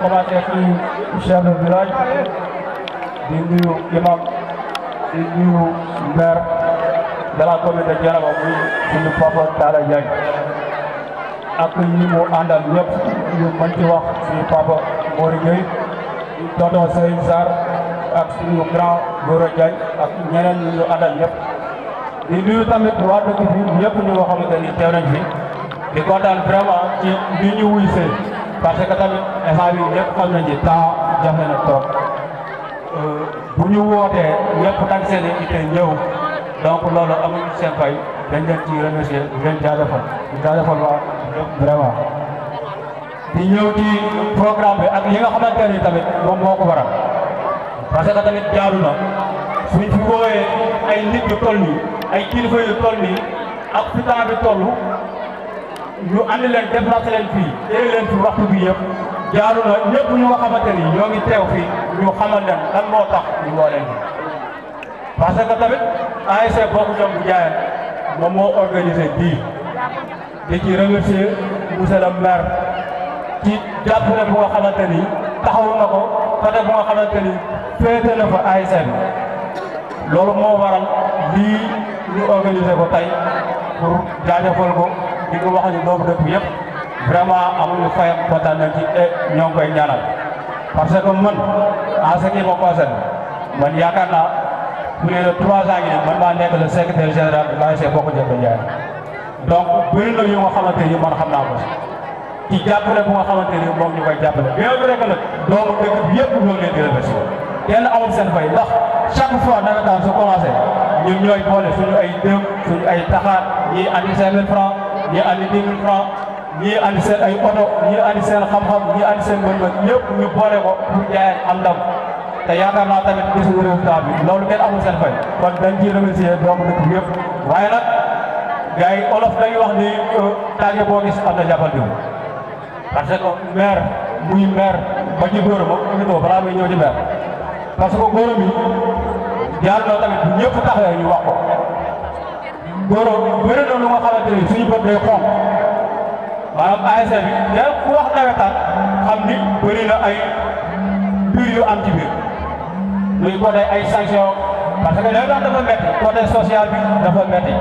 commencé ci chef de village di nuyu imam di nuyu maire de la commune de Dieulaba muy suñu papa Talla Diagne ak ñi mu àndal ñëpp ñu mën ci wax suñu papa Mori Gueye tonton ak suñu grand Gora Diagne ak ñeneen ñu ñu àndal di nuyu tamit waa dëkk bi ñëpp ñu nga ni teew nañ di kontaan vraiment ci li ñu parce que tamit état bi ñëpp xam nañu temps jafe na toog euh, bu ñu wootee ñëpp tag seen i itte ñëw donc loolu amuñu seen fay dañ leen ci remercier di leen jaajëfal di jaajëfal waa ñëpp vraiment. di ñëw ci programme bi woowee ay nit yu toll ay kilifa yu ñu andi leen déplacé leen fii téye leen fi waxtu bi yëpp. jaaru na ñëpp ñoo xamante ni ñoo ngi teew fii ñu xamal leen lan moo tax ñu woo leen parce que tamit ASC bokku jom bu jaayam moom moo organisé bii di ci remercier monsieur le maire ci jàppale bu nga xamante ni taxawu na ko côté bu nga xamante ni féete na fa ASC bi loolu moo waral lii ñu organisé ko tey pour jaajëfal ko di ko wax ñu doomu dëkk yëpp vraiment amuñu fayam kontaan nañ ci et eh, ñoo ngi koy ñaanal parce que man en ce qui me concerne man yaakaar naa plus de trois ans yi man maa nekk le secrétaire général de l'ASC Bokk Ndiaye Ndiaye donc bëri na yu nga xamante ni man xam naa ko ci le bu nga xamante ni moom ñu koy jàppale bien vrai que nag doomu dëkk bi yëpp ñoo ngi leen di remercier kenn amul seen fay ndax chaque fois nawet daal su commencé ñun ñooy boole suñu ay dëm suñu ay taxaar ñii andi cinq mille francs ñii andi dix ñii andi seen ay oto ñii andi seen xam-xam ñii andi seen mën-mën ñëpp ñu boole ko pour jaayeen am ndam te yaakaar naa tamit gisul résultat bi loolu kenn amul seen fay kon dañ ciy remercier doomu dëkk bi yëpp waaye nag gars olof dañuy wax ni euh, tàgge boo gis am na jàppal bi parce que maire muy maire ba ci góor ba ñu ko balaa muy parce que góor mi jaar na tamit ñëpp taxawee ñu wax ko góor bëri na lu nga xamante ni suñu bët day xonq maanaam ASC bi te ku wax nawetaan xam ni bëri na ay mbir yu am ci biir muy côté ay sanction parce que nawetaan dafa métti côté social bi dafa métti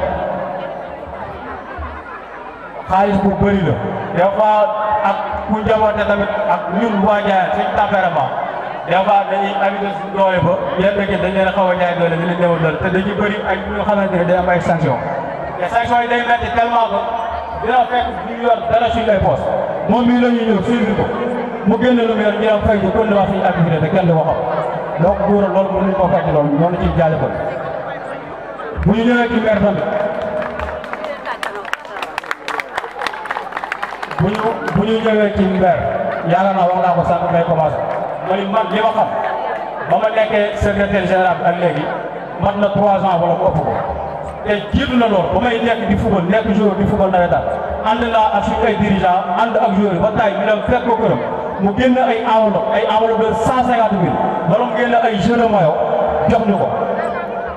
xaalis bu bëri la des fois ak ku njaboote tamit ak ñun waa Ndiayène suñ tempérament des fois dañuy habité suñ doole ba yenn kii dañ leen xaw a jaay doole ñu leen néewal doole te dañuy bëri ay ñu xamante day am ay sanction te sanction yi day métti tellement que dina fekk ñu yor dara suñu lay poos moom mii la ñuy ñëw suivre ko mu génn lu mu yor ñu am fay ñu kon wax suñu activité te kenn du ko xam donc góor loolu mënuñu koo fekk loolu ñoo ciy jaajëfal bu ñu ñëwee ci maire tamit bu ñu bu ñu ñëwee ci maire yaakaar naa wax naa ko sànq may commencé ma ni man ma xam ba ma nekkee secrétaire général ak léegi mat na trois ans wala mu ko. te jiitu na lool ba may nekk di football nekk joueur di football nawetaan ànd naa ak suñu ay dirigeant ànd ak joueur ba tay ñu dem fekk ko këram mu génn ay enveloppe ay enveloppe de cent cinquante mille borom ay jeu jox ñu ko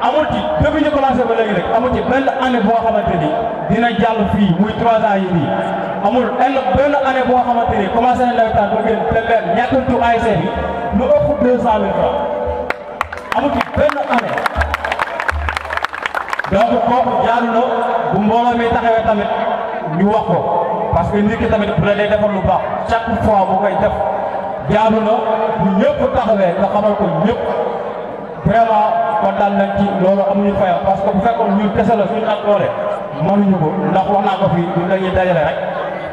amul ci depuis ñu commencé ba léegi rek amul ci benn année boo xamante ni dina jàll fii muy trois ans yi nii amul benn benn année boo xamante ni commencé na nawetaan ba génn te leen ñàkkantu ASC bi lu ëpp deux cent mille francs amul donc kooku jaadu na bu mbooloo mi taxawee tamit ñu wax ko parce que nit ki tamit bu la dee defal lu baax chaque fois bu koy def jaanu na bu ñëpp taxawee nga xamal ko ñëpp vraiment kontaan nañ ci loolu amuñu fayam parce que bu fekkoon ñun kese la suñu ak doole mënuñu ko ndax wax naa ko fii ñun dañuy dajale rek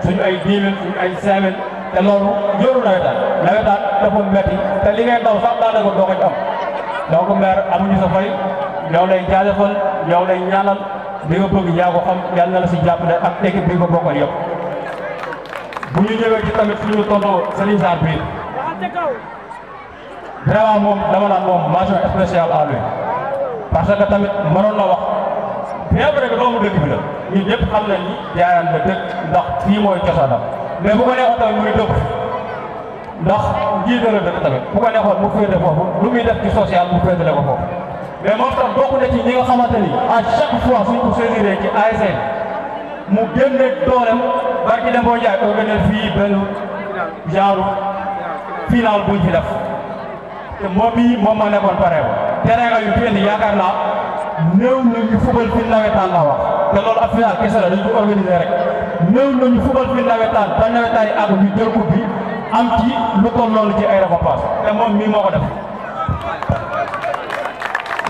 suñu ay 10 suñu ay 5 te loolu jëru nawetaan nawetaan dafa metti te li ngay daw sax daanaka doo ko ci am donc maire amuñu sa fay. yow lay jaajëfal yow lay ñaanal li nga bëgg yaa ko xam yàlla na jàppale ak équipe bi nga bokkal yëpp. bu ñu ñëwee ci tamit suñu tonton Serigne Sarr bi vraiment moom dama naan moom mention spéciale à parce que tamit mënoon na wax bien vrai que doomu dëkk bi la ñun ñëpp xam nañ ni jaayaan la dëkk ndax fii mooy cosaanam mais bu ko neexoon tamit muy dëkk ndax njiit la dëkk tamit bu ko neexoon mu féete foofu lu muy def ci social mu féetale ko foofu. mais moom tam bokk na ci ñi nga xamante ni à chaque fois suñ ko saisiree ci ASN mu génne dooleem barki dem boo jaay organiser fii benn genre final buñ fi def te moom mii moom moo nekkoon pare ba terrain nga yu fi yaakaar naa néew na ñu fubal fi nawetaan la wax te loolu ab final kese la dañ ko organiser rek néew na ñu fubal fi nawetaan ba nawetaan yi àgg ñu jël bi am ci lu ko loolu ci ay récompense te moom mii moo ko def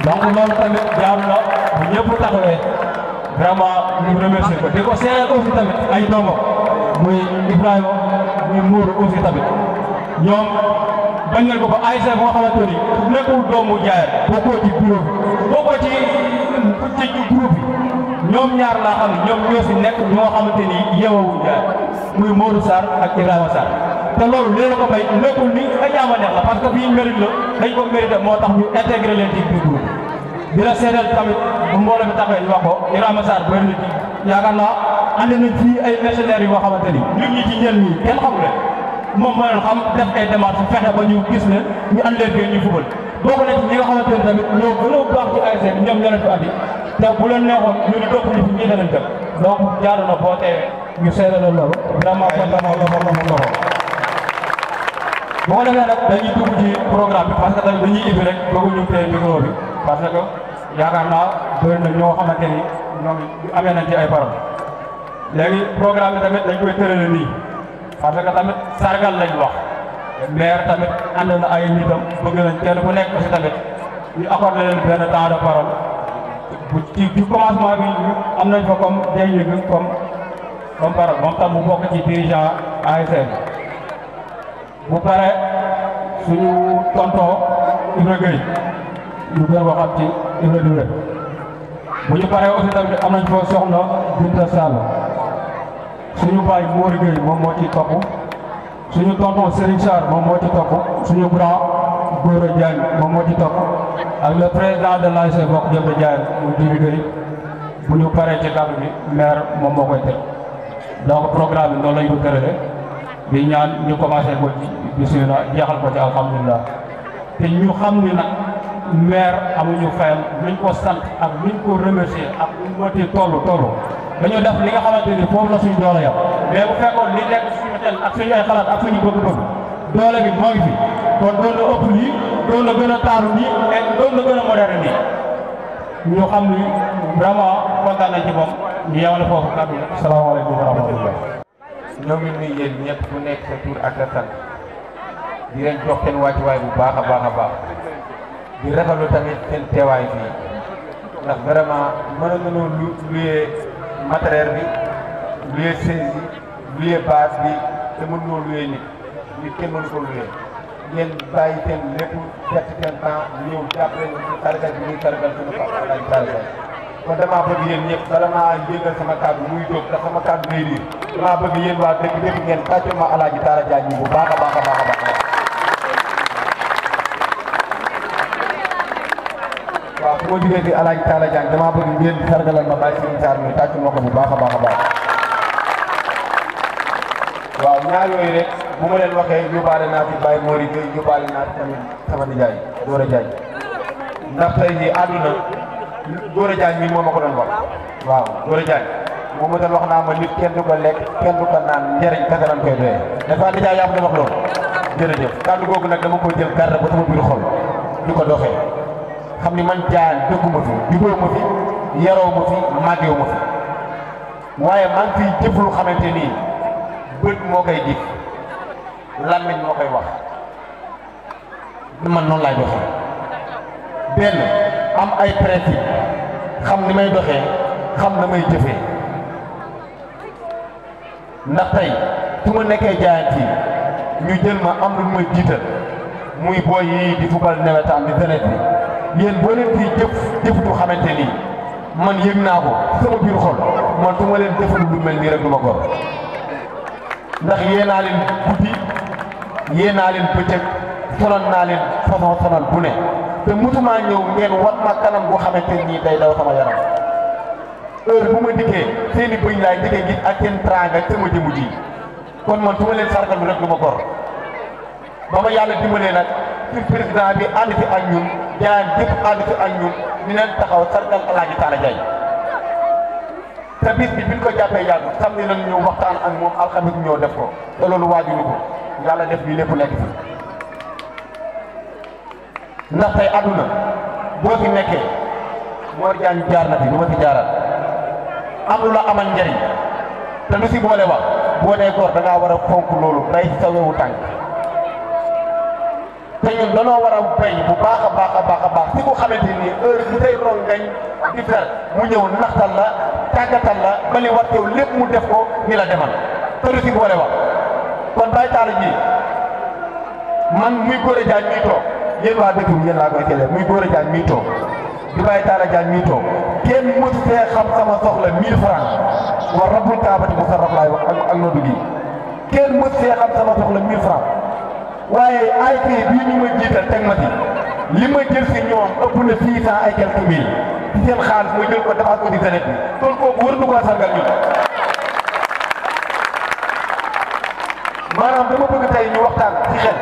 donc loolu tamit jaadu la bu ñëpp taxawee vraiment ñu remercier ko di ko seeral aussi tamit ay doomam muy Ibrahima muy Mourou aussi tamit ñoom bañ nañ ko ba ASC bu nga xamante ni nekkul doomu jaay bokkoo ci groupe bi ci ñoom ñaar laa xam ñoom ñoo si nekk ñoo xamante ni yeewu jaay muy Mourou Sarr ak Ibrahima Sarr te loolu léegi ko may nekkul ni ay ñaama neex la parce que bii mérite la dañ ko mérité moo tax ñu intégré leen ci biir groupe di la seedeel tamit bu mbooloo mi taxawee ñu wax ko Ibrahima Sarr bu wér nit yaakaar naa andi nañ fii ay mercenaires yoo xamante ni nit ñi ci ñel ñi kenn xamu leen moom moo leen xam def ay démarches fexe ba ñu gis ne ñu andi leen fii ñu fubal bokk na ci ñi nga xamante ni tamit ñoo gën a baax ci ASC bi ñoom ñoo leen te bu leen neexoon ñu ne topp ñu fi ñii danañ dem donc jaadu na boo teewee ñu seedeel loolu vraiment kontaan naa loolu moom moom bu ko defee nag dañuy dugg ci programme rek bëgguñu yaakaar naa bëri na ñoo xamante ni ñoom amee nañ ci ay borom léegi programme bi tamit dañ koy tërale nii parce tamit sargal lañ wax maire tamit ànd na ay nitam bëgg nañ kenn ku nekk aussi tamit ñu accordé leen benn temps de parole bu ci ci commencement am nañ fa comme day yëg comme comme parole moom tam mu bokk ci dirigeant ASN bu pare suñu tonton Ibra Gueye ñu gën waxam ci Ibra Dure mu ñu paree aussi tamit am nañ fa soxna Binta Sall suñu baay Mori Gueye moom moo ci topp suñu tonton Serigne Sarr moom moo ci topp suñu grand Gora Diagne moom moo ci topp ak le président de l'ASC Bokk Jëmbe Diagne mu Djibi Gueye bu ñu paree ci kàddu bi maire moom moo koy teg donc programme bi noonu lañ ko tëralee ñaan ñu commencé ko bisimilah jeexal ko ci alhamdulilah te ñu xam ni nag. weer amuñu fayam luñ ko sant ak luñ ko remercier ak luñ mënti tollu tollu dañu def li nga xamante ni foofu la suñu doole yam mais bu fekkoon li nekk suñu xel ak suñu ay xalaat ak suñu bëgg-bëgg doole bi moo ngi fi kon doon la ëpp nii doon la gën a taaru nii et doon gën a moderne nii ñu xam ni vraiment kontaan nañ ci moom ñu yemale foofu kàddu yi salaamaaleykum wa rahmatullah ñoo ngi nuyu yéen ñëpp ku nekk sa tur ak sa sant di leen jox seen wàccuwaay bu baax a baax a baax di rafetlu tamit seen teewaay fii ndax vraiment mën nañu lu luyee matériel bi luyee chaise yi luyee base bi te mënuñoo luyee nit nit kenn mënu ko luyee ngeen bàyyi seen lépp perte seen temps ñëw jàppale ñu sargal bi ñuy sargal suñu papa lañ sargal kon damaa sama kàddu muy jóg ndax sama kàddu day riir damaa bëgg yéen waa dëkk dëkk ngeen tàccu ma alaaji Talla Diagne bu baax a baax a baax bu ma jógee di alaaj Taala Jàng damaa bëgg ngeen sargalal ma bàyyi Serigne Sarr ñu tàcc ma ko bu baax baax baax waaw ñaar yooyu rek bu ma leen waxee yóbbaale naa fi Baye Mori Gueye naa fi tamit sama nijaay Gora Diagne ndax tey jii moo ma ko doon wax waaw Gora Diagne moom itam wax naa ma nit kenn lekk kenn du ko naan njëriñ kese lañ koy doyee wax loolu jërëjëf kàddu googu nag dama ko jël garde ba sama biir xol di ko doxee xam ni man jaar dëggu ma fi judoo ma fi yaroo fi màggewu fi waaye maa fiy jëf lu xamante nii bët moo koy jëf làmmiñ moo koy wax man noon laay doxee benn am ay principe xam ni may doxee xam na may jëfee ndax tey su ma nekkee jaayant yi ñu jël ma am lu ma jiital muy booy yi di fubal nawetaan di jeunesse bi yéen boo leen fii jëf jëf xamante nii man yëg naa ko sama biir xol man su ma leen defal lu mel nii rek lu ma gor ndax yee naa leen guddi yee naa leen bëccëg sonal naa leen façon sonal bu ne te mosumaa ñëw ngeen wat ma kanam bu xamante nii day daw sama yaram heure bu ma dikkee seen i bëñ laay dikkee gis ak seen tranga ak sama jëmu ji kon man su ma leen sargalu rek du ma gor ba yàlla dimbalee nag ci président bi ànd ci ak ñun jaan jëpp ànd ci ak ñun ñu leen taxaw sargal Alaaji Taala Jaay te bis bi biñ ko jàppee yàgg sam ni nañ ñëw waxtaan ak moom alxamis ñoo def ko te loolu waajuru ñu yàlla def ñu lépp nekk fi ndax tey àdduna boo fi nekkee Mor Diagne jaar na fi lu ma fi jaaral am lu la amal njëriñ te lu si boole wax boo dee góor da ngaa war a fonk loolu day sa tànk te ñun danoo war a béy bu baax a baax a baax a baax si ku xamante ni heure bu tey rongañ di dal mu ñëw naxtal la tàggatal la ba li war yow lépp mu def ko ni la demal tëru si boole wax kon bàyyi taal ji man muy góor a jaan mii waa dëkk bi yéen laa muy góor a jaan mii toog di bàyyi taal a jaan mii toog kenn mësu fee xam sama soxla 1000 francs wa rabbul kaabati musarraf laay wax ak ak noddu gi kenn mësu fee xam sama soxla 1000 francs waaye IP bii ñu ma jiital teg li ma jël si ñoom ëpp na six ay quelques mille ci seen xaalis mooy jël ko defaat ko di senet bi kon kooku wër na koo sargal ñu maanaam dama bëgg tey ñu waxtaan ci xel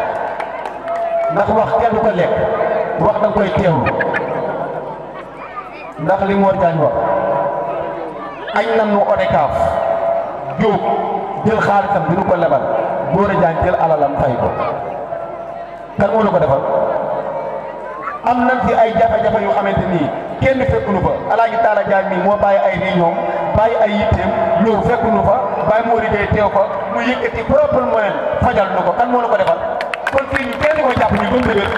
ndax wax kenn du ko lekk wax da koy teewlu ndax li Mor Diagne wax añ nan nu ODCAV jóg jël xaalisam bi nu ko lebal Gora Diagne jël alalam fay ko kan moo la ko defal am nañ fi ay jafe-jafe yu xamante nii kenn fekkunu fa alaaji taala jaay mi moo bàyyi ay réunion bàyyi ay yitteem ñëw fekkunu fa bàyyi moo liggéey teew fa mu yëkkati propre moyen fajal na ko kan moo la ko defal kon fii ñu kenn ko jàpp ñu gën dëgër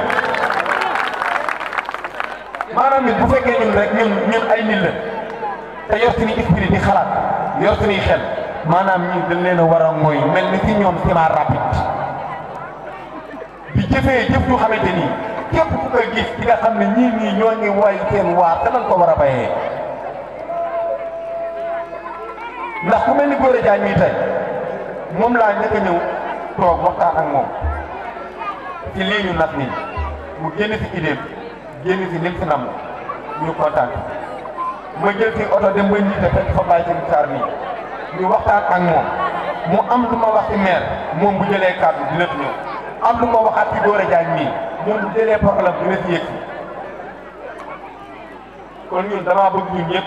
maanaam nit bu fekkee ñun rek ñun ñun ay nit la te yor suñu esprit di xalaat yor suñuy xel maanaam ñun dañ leen war a mooy mel ni si ñoom ciment rapide jëfee jëf yu xamante ni képp ku koy gis di nga xam ne ñii nii ñoo ngi way seen waar te nan ko war a bayee ndax ku mel ni Gora Diagne mii tey moom laa njëkk ñëw toog waxtaan ak moom ci lii ñu nag nii mu génn fi idéem génn fi lim fi nam ñu kontaan ma jël fi oto dem ba njiite fekk fa bàyyi seen saar nii ñu waxtaan ak moom mu am lu ma wax ci maire moom bu jëlee kàddu dina fi am lu ma waxaat ci Gora Diagne mii ñoom bu jëlee problème dina ci yëg kon ñun damaa bëgg ñun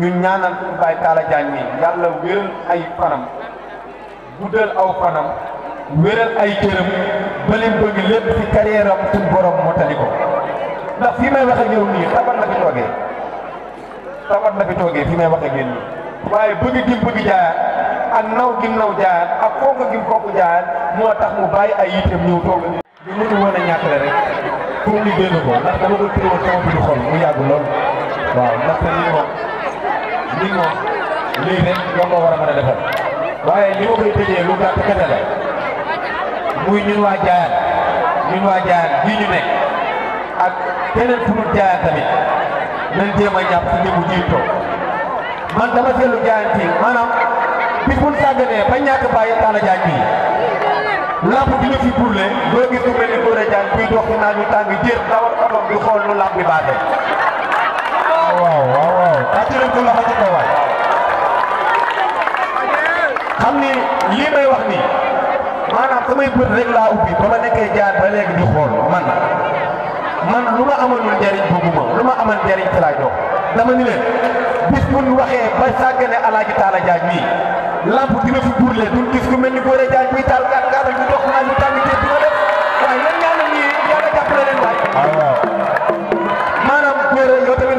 ñu ñaanal suñu baay Talla Diagne mii yàlla wéral ay fanam guddal aw fanam wéral ay cëram ba leen bëgg lépp ci carrière am suñu borom motali ko ndax fi may wax ak nii tabat la fi toogee tabat la fi toogee fi may wax ak yéen nii waaye bëgg dim bëgg jaayaat. ak naw gi naw jaar ak fonk gi fonk jaar moo tax mu bàyyi ay itam ñëw toog di mënu woon a rek pour ñu génn ko ndax mu yàgg lool waaw ndax te lii moom lii moom lii rek nga ko war a mën a defal waaye li ma koy tëjee lu gàtt kese muy ñun waa jaar ñun waa jaar bii ñu nekk ak keneen fu dul jaar tamit nañ jéem a man dama bis bu ñu sàgganee ba ñàkk bàyyi Talla Diagne bi làmb bi ñu fi burle doo gis ku mel ni Gora Diagne kuy dox ci naaj wi tàng jër dawal otoom bi xool nu làmb bi baatee. waaw rek laa ubbi ba ma nekkee jaar ba léegi di xool man man lu ma amalul njariñ boobu lu ma aman njariñ ci laa jox dama ni leen bis bu ñu waxee ba sàggane Alaaji Taala Jaaj lamp dina fi burle duñ gis ku mel ni Goré Diagne buy taal gàtt gàtt ñu dox maa ñu tàng te dina def waaye lan ñaanal ñii yàlla jàppale leen waay.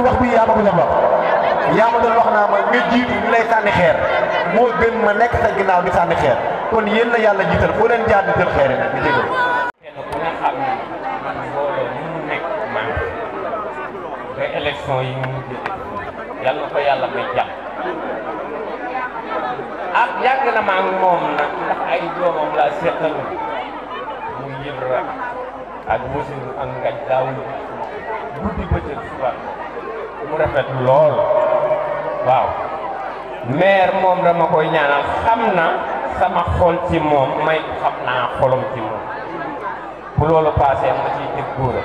wax yaa ma ko wax naa ma nga jiitu ñu lay sànni xeer moo gën ma nekk sa ginnaaw di sànni xeer kon yéen la yàlla jiital foo leen jaar di jël xeer yi nag di jégal. élection yi mu mujj yàlla ko yàlla may jàpp yàgg na maa ngi moom nag ndax ay doomam laa seqal mu Ibra ak Moussine ak Ngañ Daawul guddi bëccëg suba mu rafet lool waaw maire moom dama koy ñaanal xam na sama xol ci moom may xam naa xolom ci moom bu loolu paasee ma ciy teg góora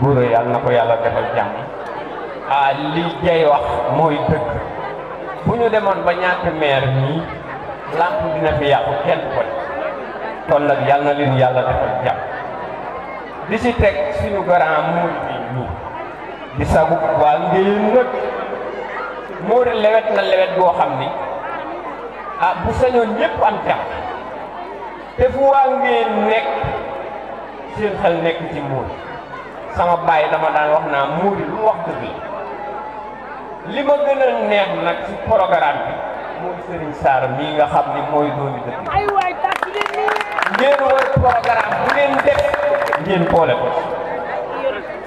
góora yàlla na ko yàlla defal jàmm ah li wax mooy dëgg bu ñu demoon ba ñàkk meer nii làmp dina fi yàqu kenn ko kon nag yàlla na leen yàlla defal jàmm di si teg suñu grand muur bi nii di sagu waa ngéyén nag muuri lewet na lewet boo xam ni ah bu sañoon ñépp am jàmm te fu waa ngéyén nekk seen xel nekk ci muur sama bàyyi dama daan wax naa muuri lu wax dëgg li ma gën a neex nag ci programme bi mooy Serigne Sarr mii nga xam ni mooy doomi dëkk ngeen war boole ko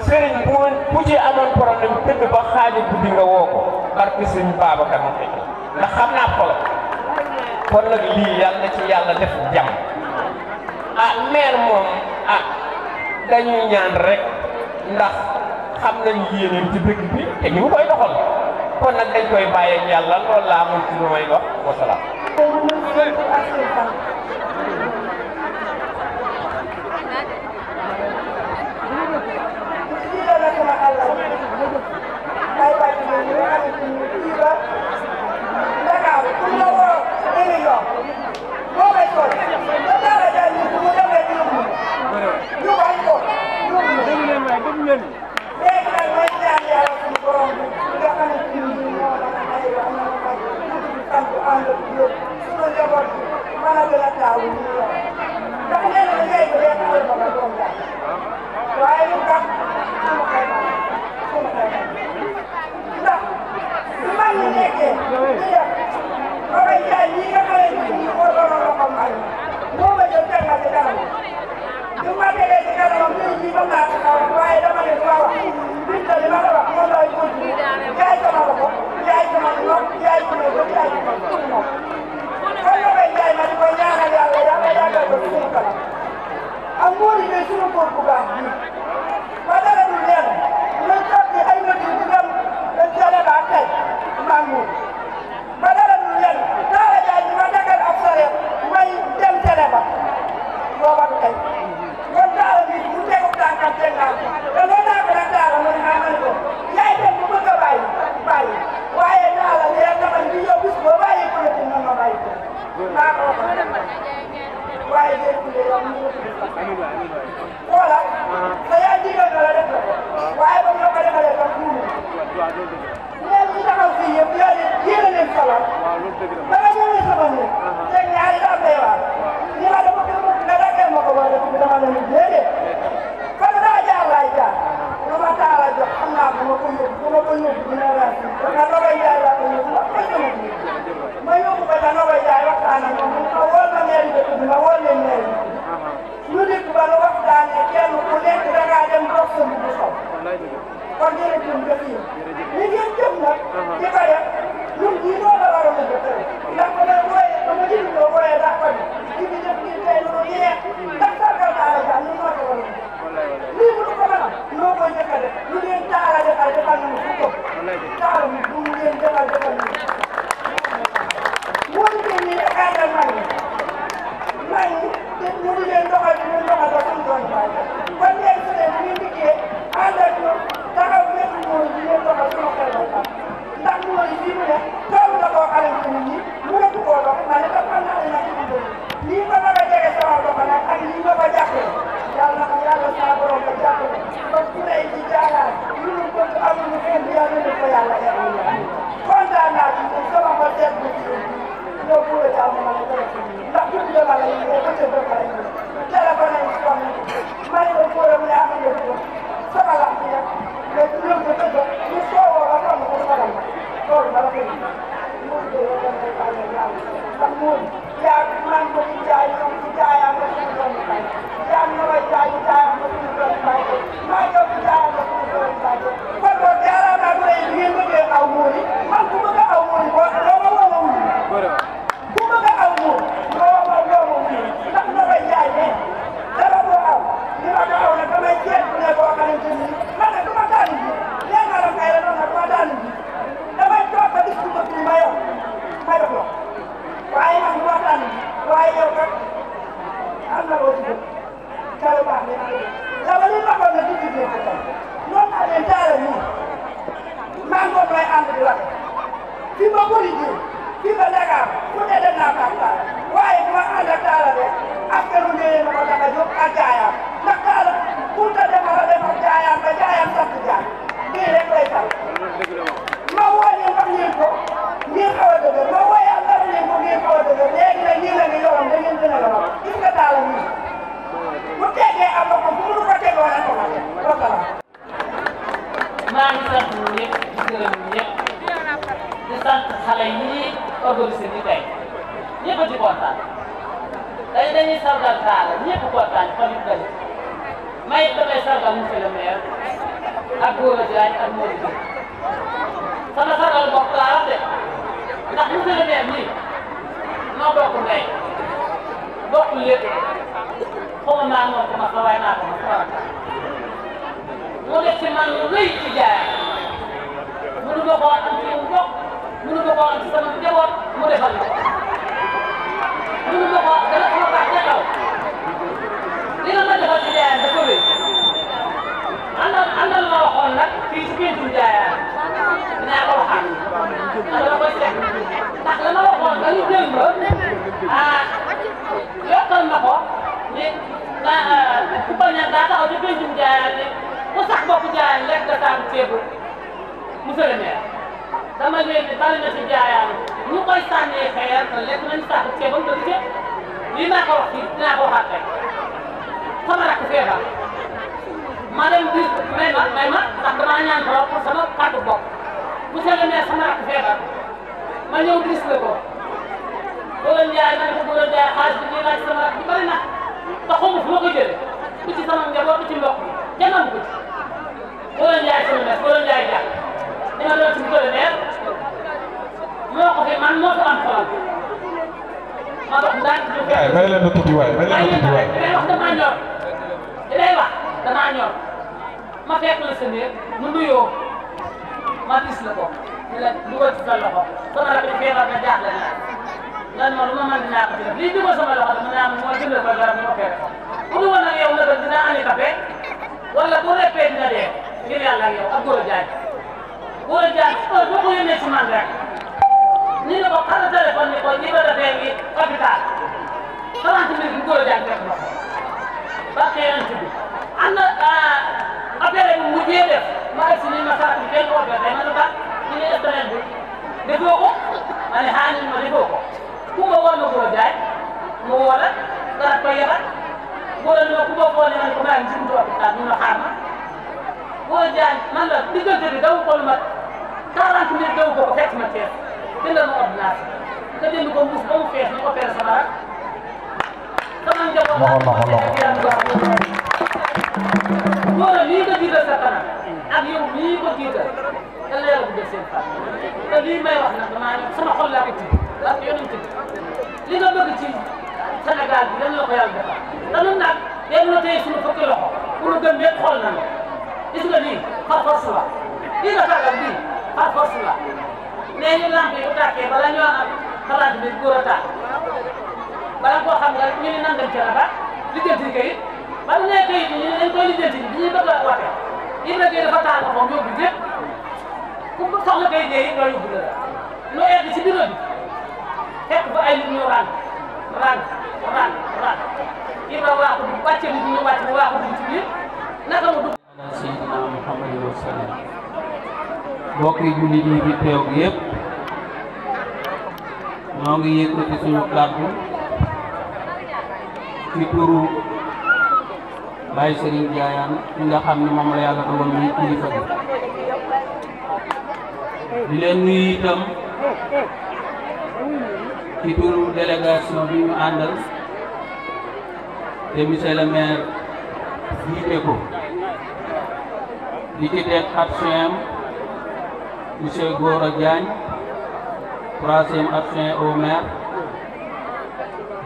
Serigne bu bu ci amoon problème tëdd ba xaaja guddi nga woo ko barke Serigne Babacar mu fekk ndax xam naa xolam kon nag lii yàlla na ci yàlla def jàmm ah maire moom ah dañuy ñaan rek ndax xam nañ yéeneen ci dëkk bi te ñu koy doxal kon nag dañ koy bàyyi ak yàlla loolu laa amoon ci lu may Amour, il est sur le waaye yow am na loo ci bëgg kàlla baax na la ba li ñu waxoon ne dugub bi nga nii maa ngi koy ànd di fi ba Kouridi fi ba Dakar fu ne dem naa faa waaye bu ma ànd de askan wi ñëwee na ba jaayaam sant jaay lii rek lay taw ma woo leen wax leen ko ngir xaw a dëgër ma wooyee am dara leen ko ngir xaw a dëgër nii la nii yoon da ngeen gën a la wax gis nga daal la nii bu tegee am na ko bu mënu ko tegoo rek ko la maa ngi sant ñëpp di gërëm ñëpp di sant xale yi ñuy organisé bi tey ñëpp a ci kontaan tey dañuy sargal Talla ñëpp kontaan xol yu bëri may damay sargal monsieur le maire ak Gora Diagne ak Modou Diop sama sargal mbokk laa wax de ndax monsieur le maire nii noo bokk ndey bokkul lépp xaw ma naa noonu ko mas la waaye naa ko mas la mu def ci man lu rëy ci jaay mënu ma koo am ci mbokk mënu ma koo am ci sama njaboot mu defal ko mënu ma koo dana ko baax ca kaw li nga ma defal ci jaayam dafa wéy àndal àndal ma waxoon nag fii ci péncu jaayam dinaa ko waxaat dama koy teg ndax la ma moom dañu dem ba ah na ko ni daa Koungheul ñaar daa taxaw jaayaan ne ku sax jaayaan lekk nga saabu ceebu monsieur le maire dama leen di bari na ci jaayaan ñu koy sànnee xeer lekk nañu saabu ceebam te du lii maa ko wax fii dinaa ko waxaat tey sama rakk feebar ma dem di may ma ma ndax ñaan trop pour sama kàddu bopp monsieur le maire sama rakk ma ñëw gis la ko. boo leen jaayee ma ne ko boo leen jaayee xaalis bi ñuy laaj sama ci bëri na te xaw ma fu ma ko ku ci sama njaboot ku ci mbokk mi jëndoon ko ci boo leen jaayee sama mère boo leen jaayee jàpp dina doon suñu bëri leer moo ko fi man moo ko am xoolal ma wax ndànk ñu. waaye may leen di tuuti waay may leen di tuuti waay li may wax damaa ñor li may wax damaa ñor ma fekk la sa néeg mu nuyoo ma gis la ko ñu la dugal ci sa loxo sama rab bi feebar na jaaxle naa. man ma ma mën dinaa ko ci def lii dugg sama loxo la mën naa am moo jëndal ko garab ma koy bu dul woon nag yow nag dinaa andi café wala bu reppee dee ngir yàlla ak yow ak a jaay góor a jaay heure boo ko yónnee man rek ni nga ko xar téléphone ko ñi ko defee ngi hôpital 30 minutes a jaay ko parce que yéen bi am na ah, affaire yi mujjee def ma agsi ni ma sax bi kenn ko opéré ma ne ko ah ñu ne bi defoo ko ma ne xaaral ma defoo ko. ku ma woon nga ko jaay mu woo la dara ko yebal wala non ku ma xoolee man ko maa ngi jëm tool daal ñu ma xaar ma boo jaay man la diggante bi daw ko lu mat 40 minutes daw ko ko fekk ma teer jëndal ma ordonnance nga jënd ko mbuus ba mu fees ñu opéré sama rak sama njaboot loolu lii nga jiital sa kanam ak yow lii ko jiital te leeral bu def seen fan te lii may wax nag damaa ne sama xol laa ko tibb parce que yonent bi li bëgg ci Sénégal bi lan la ko yàlla defal te nun nag dañ la téye suñu fukki loxo pour xool na la gis nga lii par force la lii nga tàggat bii par la nee ñu lamp yi bala ñoo am xalaat bi a bala koo xam nga ñu nan dem ca Rabat lijjanti kayit ba ñu nee kayit yi ñu ne dañ bi ñuy bëgg a waxee yi nag dafa tànn moom yóbbu lépp ku soxla kayit yooyu nga yóbbu la loo egg ci bureau bi fekk ba ay nit ñu rang rang rang rang Ibra waaxu du wàcce nit ñu wàcc jullit yi bi teew yëpp ñoo ngi yëkkati suñu kàddu ci turu Baye Serigne Diayane mi nga xam ni moom la yàlla dogal muy kilifa bi leen nuyu itam. ci turu bi ñu àndal te monsieur le maire jiite ko di ci teg adjoint monsieur Gora Diagne troisième adjoint au maire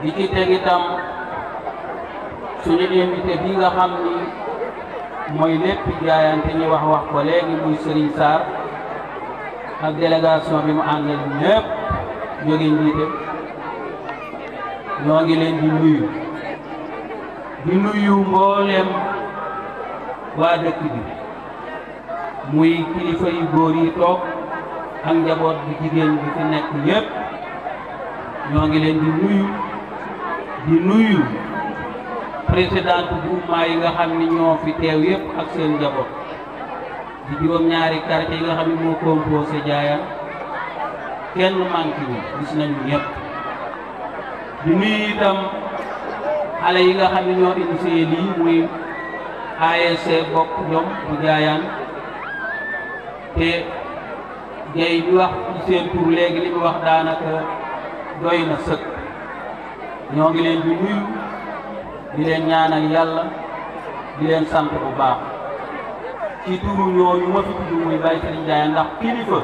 di ci teg itam suñu invité bi nga xam ni mooy lépp jaayante ñu wax wax ko léegi muy Serigne Sarr ak délégation bi mu àndal ñépp jóge njiite ñoo ngi leen di nuyu di nuyu mboolem waa dëkk bi muy kilifa yu góor yi toog ak njaboot bi jigéen bi fi nekk yépp ñoo ngi leen di nuyu di nuyu président groupement yi nga xam ni ñoo fi teew yépp ak seen njaboot di ñaari quartier yi nga xam ni moo composé jaayal kenn manqué yi gis nañu ñëpp di nuyu itam xale yi nga xam ne ñoo initié lii muy ASC bokk jom bu jaayaan te gay bi wax ci seen tur léegi li mu wax daanaka doy na sëkk ñoo ngi leen di nuyu leen ñaanal yàlla di leen sant bu baax ci turu ñooñu ma fi tudd muy Baye Serigne ndax kilifa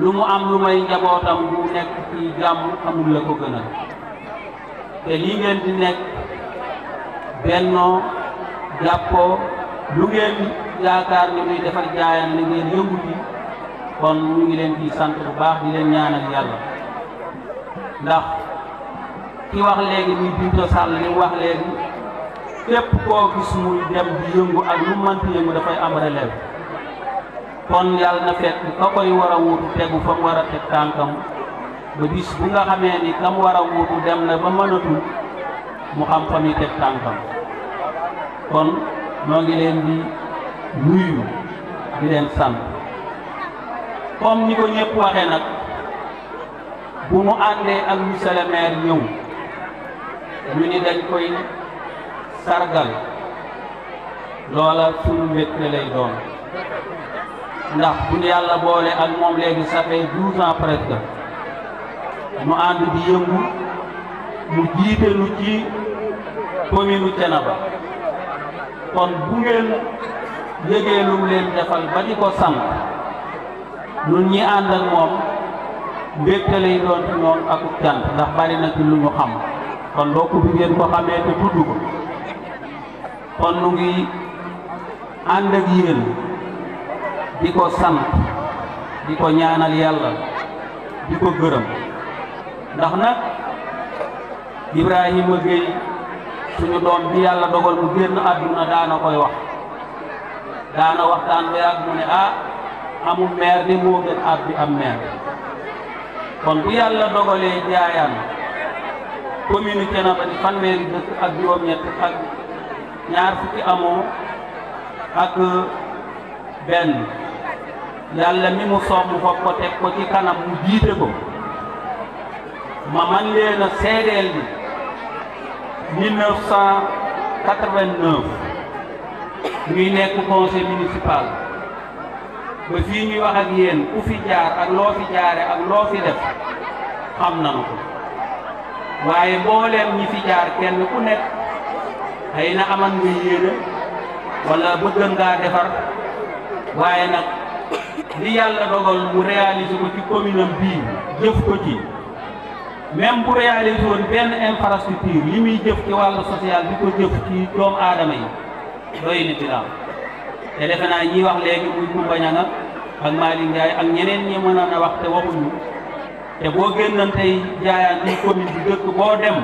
lu mu am lu may njabootam bu nekk ci jàmm amul la ko gën te lii ngeen di nekk bennoo jàppoo lu ngeen yaakaar ni muy defar jaayan li ngeen yëngu ci kon mu ngi leen di sant bu baax di leen ñaanal yàlla ndax ki wax léegi ni Binta Sall li wax léegi képp koo gis muy dem di yëngu ak lu mënti yëngu dafay am relève kon yàlla na fekk ka koy war a wuutu tegu fa mu war a teg tànkam ba bis bu nga xamee ni kam war a dem na ba mënatul mu xam fa muy teg tànkam kon ñoo ngi leen di nuyu di leen sant comme ni ko ñëpp waxee nag bu mu àndee ak monsieur le maire ñëw ñu ni dañ koy sargal loola sunu mbégte lay doon ndax bu ñu yàlla boole ak moom léegi ça fait douze ans presque mu ànd di yëngu mu jiite lu ci commune u Thiénaba kon bu ngeen yëgee lu mu leen defal ba di ko sant ñun ñi ànd ak moom mbégte lay doon ci moom ak cant ndax bari na ci lu ñu xam kon mbokk bi ngeen ko xamee te tudd ko kon nu ngi ànd ak yéen. di ko sant di ko ñaanal yàlla di ko gërëm ndax nag Ibrahima Gueye suñu doom bi yàlla dogal mu génn àdduna daana koy wax daana waxtaan ba yàgg mu ne ah amul meer ni moo gën at bi am meer kon bu yàlla dogalee jaayaan commune Thiénaba di fanweeri dëkk ak juróom-ñett ak ñaar fukki amoo ak benn yàlla mi mu somb foog ko teg ko ci kanam mu jiite ko ma man leen a seedeel bi 1989 ñuy nekk conseil municipal ba fii ñuy wax ak yéen ku fi jaar ak loo fi jaare ak loo fi def xam nanu ko waaye mbooleem ñi fi jaar kenn ku nekk xëy na amat nga yéene wala bëgg ngaa defar waaye nag li yàlla dogal mu réaliser ko ci commune bii jëf ko ci même bu réaliser woon benn infrastructure li muy jëf ci wàllu social bi ko jëf ci doomu aadama yi doy na te defe naa ñiy wax léegi muy Koumba Nianga ak Malick Ndiaye ak ñeneen ñi mënoon wax te waxuñu te boo génnoon tey jaayaan ci commune bi dëkk boo dem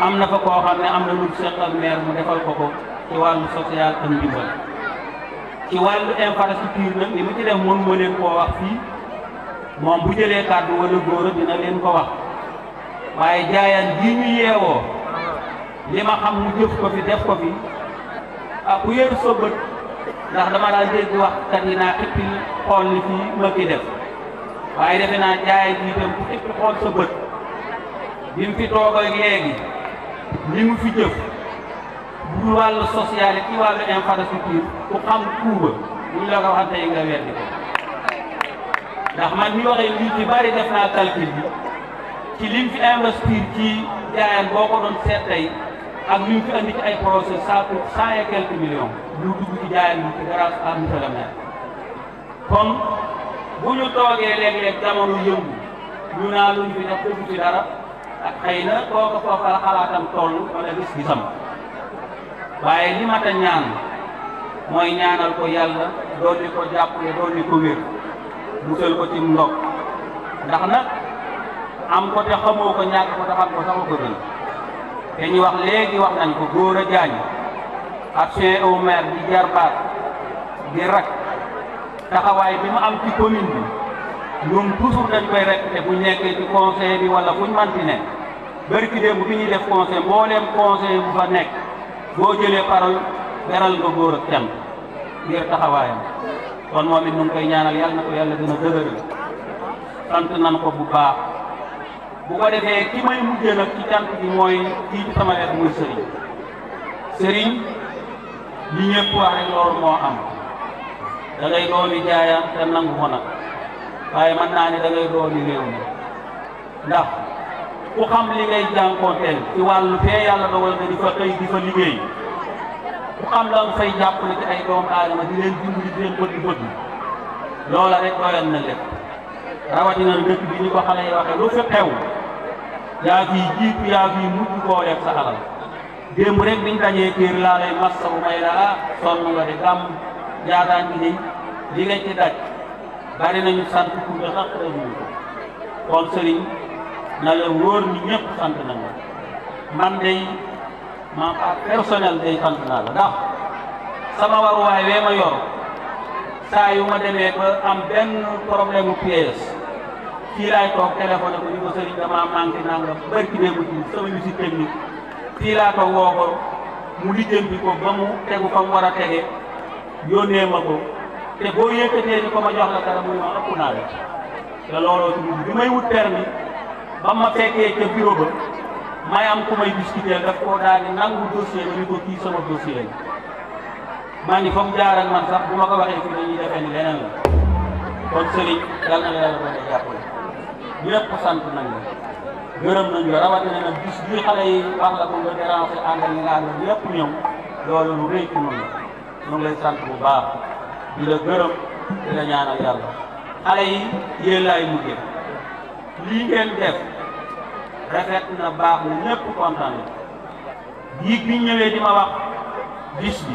am na fa koo xam ne am na lu seq ak mu defal ko ko ci wàllu social ak ndimbal ci wàllu infrastructure nag li mu ci def moom moo leen koo wax fii moom bu jëlee kàddu wala góor dina leen ko wax waaye jaayaan ji ñu yeewoo li ma xam mu jëf ko fi def ko fi ah ku yéen sa ndax dama daan dégg wax kat yi naa xippi xool ni fii ma fi def waaye defe naa jaayaan ji itam ku xippi xool sa bi mu fi toog ak li mu fi jëf. bu wàllu social ci wàllu infrastructure ku xam kuuba buñ la ko waxan tey nga weddi ko ndax man mi waxee lii ci bari def naa calcul bi ci lim fi investir ci jaayaan boo ko doon seet ak lim fi andi ci ay procès ça coûte cent lu dugg ci jaayaan bi ci grâce à monsieur kon bu ñu toogee léeg-léeg jamono yëngu ñu naa luñ fi def dëgg ci dara ak xëy na kooku xalaatam toll wala gis-gisam waaye limata mat a ñaan mooy ñaanal ko yàlla doon ni ko jàppale doon ni ko wér musal ko ci ndog ndax nag am ko te xamoo ko ñàkk ko te xam ko sama ko gën te ñu wax léegi wax nañ ko góor a jaañ ak chien au di jarbaat di rak taxawaay bi mu am ci commune bi ñun toujours dañ koy rek te bu ñu nekkee ci conseil bi wala buñ man ci ne bërki bi ñuy def conseil mbooleem conseil bu fa nekk boo jëlee parole beral nga góor ak tem ngir taxawaayam kon moom it nu ngi koy ñaanal yàlla na ko yàlla gën a dëgëral nan ko bu baax bu ko defee ki may mujjee nag ci cant bi mooy kii sama wet muy sëriñ sëriñ li ñëpp wax rek loolu moo am da ngay doomi te nangu ko nag waaye mën naa ne da ngay réew mi ndax ku xam li ngay jànkoonteel ci wàllu fee yàlla dogal na di fa xëy di fa liggéey ku xam la nga fay jàppale ci ay doomu aadama di leen dimbali di leen bëgg bëgg loola rek doyal na lépp rawatina dëkk bi ñu ko xale yi waxee lu fi xew yaa fi jiitu yaa fi mujj koo def sa alal démb rek biñ dajee kër laa lay masawu may la ah, sonn nga di gàmm jaataan gi ni li nga ci daj bari nañu sant pour nga sax kon sëriñ na la wóor ni ñëpp sant na man day man à personnel day sant naa la ndax sama waruwaay wee ma yor saa yu ma demee ba am benn problème mu pièce fii laay toog téléphone ko ni ko sëriñ dama manqué naa nga ko mu lijjanti ko ba mu fa mu war a tege yónnee ma ko te boo yëkkatee ko ma jox la dara muy ma ba ma fekkee ca bureau may am ku may discuter daf koo daal nangu dossier ba ko kii sama dossier la maa ngi fa mu jaar ak man sax bu ma ko waxee fii dañuy defee la gërëm nañ la rawatina nag bis bii xale yi wax la ko nga déranger ànd ak nga ànd ak ñëw loolu lu rëy ci la ñu lay sant bu baax di la gërëm di la ñaanal yàlla xale yi yéen laay mujjee. lii ngeen def rafet na baax na ñépp kontaan na bi ñëwee di ma wax bis bi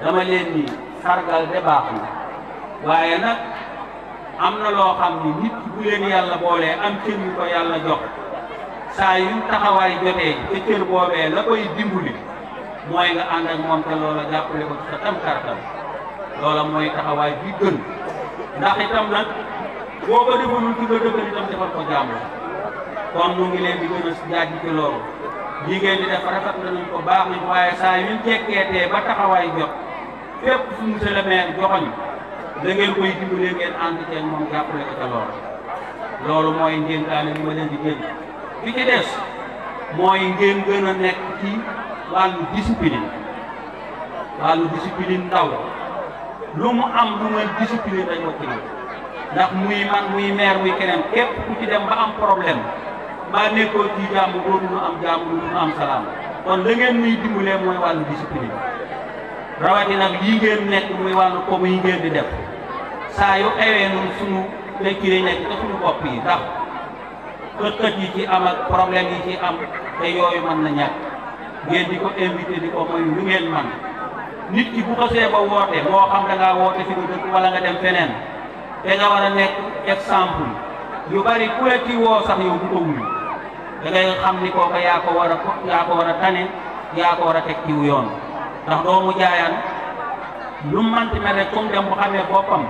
dama leen ni sargal de baax na waaye nag am na loo xam ni nit bu leen yàlla boolee am cër yu ko yàlla jox saa yu taxawaay jotee te cër boobee la koy dimbali mooy nga ànd ak moom te loola jàppale ko ci sa tam loola mooy taxawaay bi gën ndax itam nag boo ko defalul ki nga dëkkal itam defal ko jàmm kon mu ngi leen bi gën a jaaj ci loolu lii ngeen di rafet nañu ko baax nañu waaye saa yu ñu jekkeetee ba taxawaay jot fépp fu monsieur le maire joxoñ da ngeen koy dimbale ngeen ànd moom jàppale ko ca loolu loolu mooy ndénkaane bi ma leen di dénk fi ci des mooy ngeen gën a nekk ci wàllu discipline wàllu discipline ndaw lu mu am lu muy discipline dañ ko ci ndax muy man muy maire muy keneen képp ku ci dem ba am problème ba nekkoo ci jàmm boobu nu am jàmm nu am salaam kon la muy dimbalee mooy wàllu discipline rawati nag yi ngeen nekk muy wàllu koom yi ngeen di def saa yu ewee nun sunu lekki yi nekk te sunu bopp yi ndax xët yi ci am ak problème yi ci am te yooyu mën na ñàkk ngeen di ko invité di ko mooy lu ngeen man nit ki bu xasee ba woote moo xam da woote fi nga dëkk wala nga feneen da nga war a nekk exemple yu bari ku la sax yow bu ko wuyu da xam ni kooka yaa ko war a ko war a tane yaa ko war a teg ci yoon ndax doomu jaayaan lu manti mel rek comme dem bu xamee boppam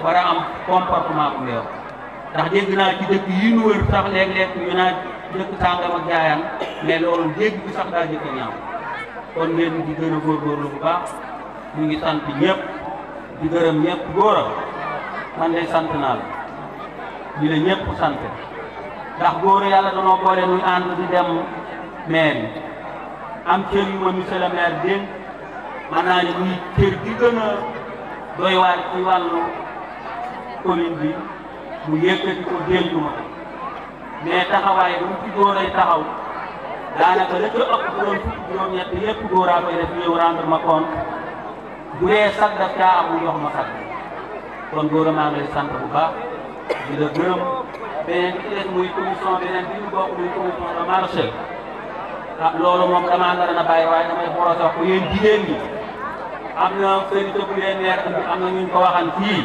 war a am comportement bu ndax dégg naa ci dëkk yi nu wër sax léeg-léeg ñu naa dëkk sàngam jaayaan mais loolu dégg bi sax daal jëkk ñaaw kon ngeen di gën a góorgóorlu bu baax ñu ngi sant ñëpp di gërëm ñëpp góor man de sant naa la di la ñëpp sant ndax góor yàlla danoo boole nuy ànd di dem maire am cër yu ma monsieur le maire dénk mën naa cër gi gën doy waar ci wàllu commune bi mu yëkkati ko dénk ma mais taxawaay bu mu ci góoray taxaw daanaka la ca ëpp juróom fukki ñett yëpp góoraa koy def ñëw ma compte bu dee sag daf caa amul ma sag kon Gora maa sant bu baax di gërëm beneen bi des muy commission beneen bi ñu bokk muy commission de marché ah loolu moom damaa la dana bàyyi waaye damay forosé wax ko yéen jigéen ñi am na sëriñ bu leen neex am na ñu ko waxan fii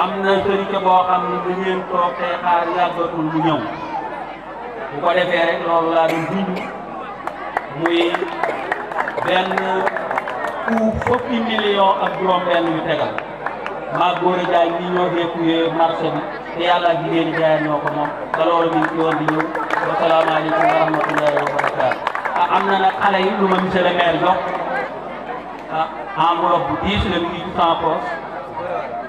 am na sëriñ boo xam ne da ngeen toog tey xaar yàggatul mu ñëw bu ko defee rek loolu laa doon muy benn ku fukki million ak juróom-benn yu tegal. maa góor a jaay ñi ñoo fee kuyee marché bi te yàlla ak jigéen ñi jaay ñoo ko moom te mi ngi ci woon di ñëw wa wa rahmatullahi wa barakaatu am na nag xale yi lu ma monsieur le maire jox ah enveloppe bu diis la mi ngi ci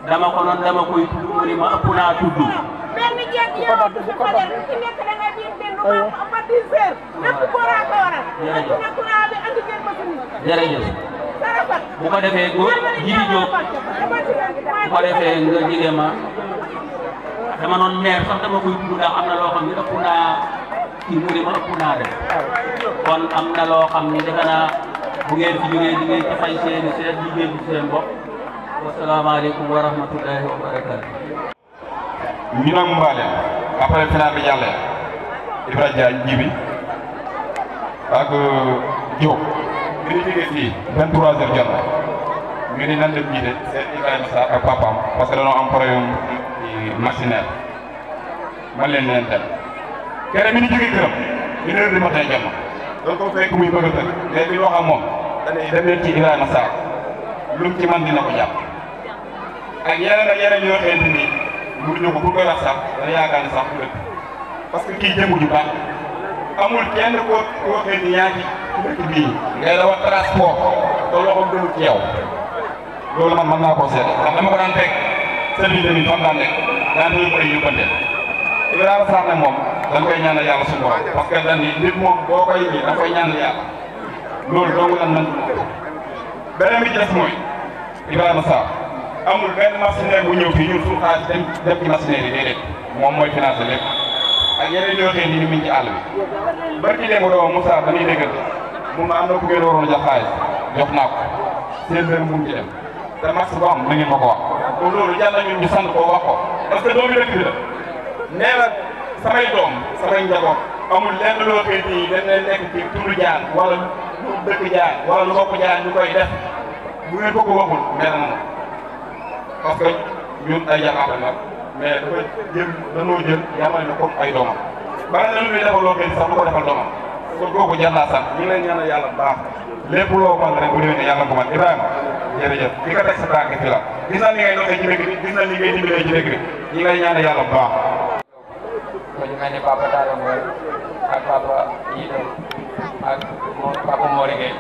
dama ko noonu dama koy tudd mu ne ma ëpp naa tudd. jërëjëf bu ko defee góor ji bu ko defee nga jege ma dama noon meer sax loo xam ne ëpp naa kii mu ne ma ëpp naa am na loo xam ne defe naa bu ngeen fi ngeen ci fay seeni seet liggéey bi seen bopp wasalaamaaleykum wa rahmatullahi wa barakatu ñu nag mbaale après final bi jàllee Ibrahima Diagne Djibi ak euh, Diop bi ñu jógee fii 23h jot na ñu ni nan dem jiite seen Ibrahima Sarr ak papaam parce que dañoo am problème machinaire man leen leen dem keneen mi ñu jógee këram une heure du matin jot na doon ko fekk muy bëgg a tënk léegi bi ñu wax ak moom dañuy dem leen ci Ibrahima Sarr lu mu ci man dina ko jàpp ak yeneen ak yeneen yoo xamante ni mënuñu ko pour koy wax sax dañu yaakaar ne sax du dëkk kii jëmu ju baax. amul kenn koo waxee ni yaa ngi dëkk bii ngay dawal transport te loxoom loolu man mën naa koo seet ndax dama ko daan fekk service bi fan daan nekk daan yóbbu ay yóbbante Ibrahima Sarr nag moom dañ koy ñaanal yàlla suñu borom parce que dañ ni nit moom boo koy loolu dong lan man beneen bi ci des mooy Ibrahima Sarr amul benn marchinaire bu ñëw fii ñun suñu xaalis dem dem ci marchinaire yi déedéet moom mooy financé lépp ak yeneen yoo xëy ni ñu ngi ci àll bi bari ci démb doomu Moussa ba ñuy déggal mun na am a jox naa ko seen mu ci te max bu am na ngeen wax kon loolu jàll ñun ñu sant wax ko parce que doomu dëkk bi la samay doom samay njaboot amul lenn loo xëy ni dañ leen nekk ci tund jaan wala lu dëkk jaan wala lu bokk jaan ñu koy def bu ngeen ko ko waxul ñun ay jaxaata nag mais dafa jël danoo jël yamale na comme ay doomam bari na lu muy defal loo kenn sax lu ko defal doomam kon kooku jar naa sant ñu ngi leen ñaanal yàlla baax lépp loo man rek bu déwénee yàlla ko man Ibrahima jërëjëf fi nga teg sa tànk fi la gis naa ni ngay doxee ci dëkk bi gis naa ni ngay dimbalee ci dëkk bi ñu ngi lay ñaanal yàlla baax ko ñu mel ni Papa Dada Mboy ak Papa Yido ak Papa Mori Gueye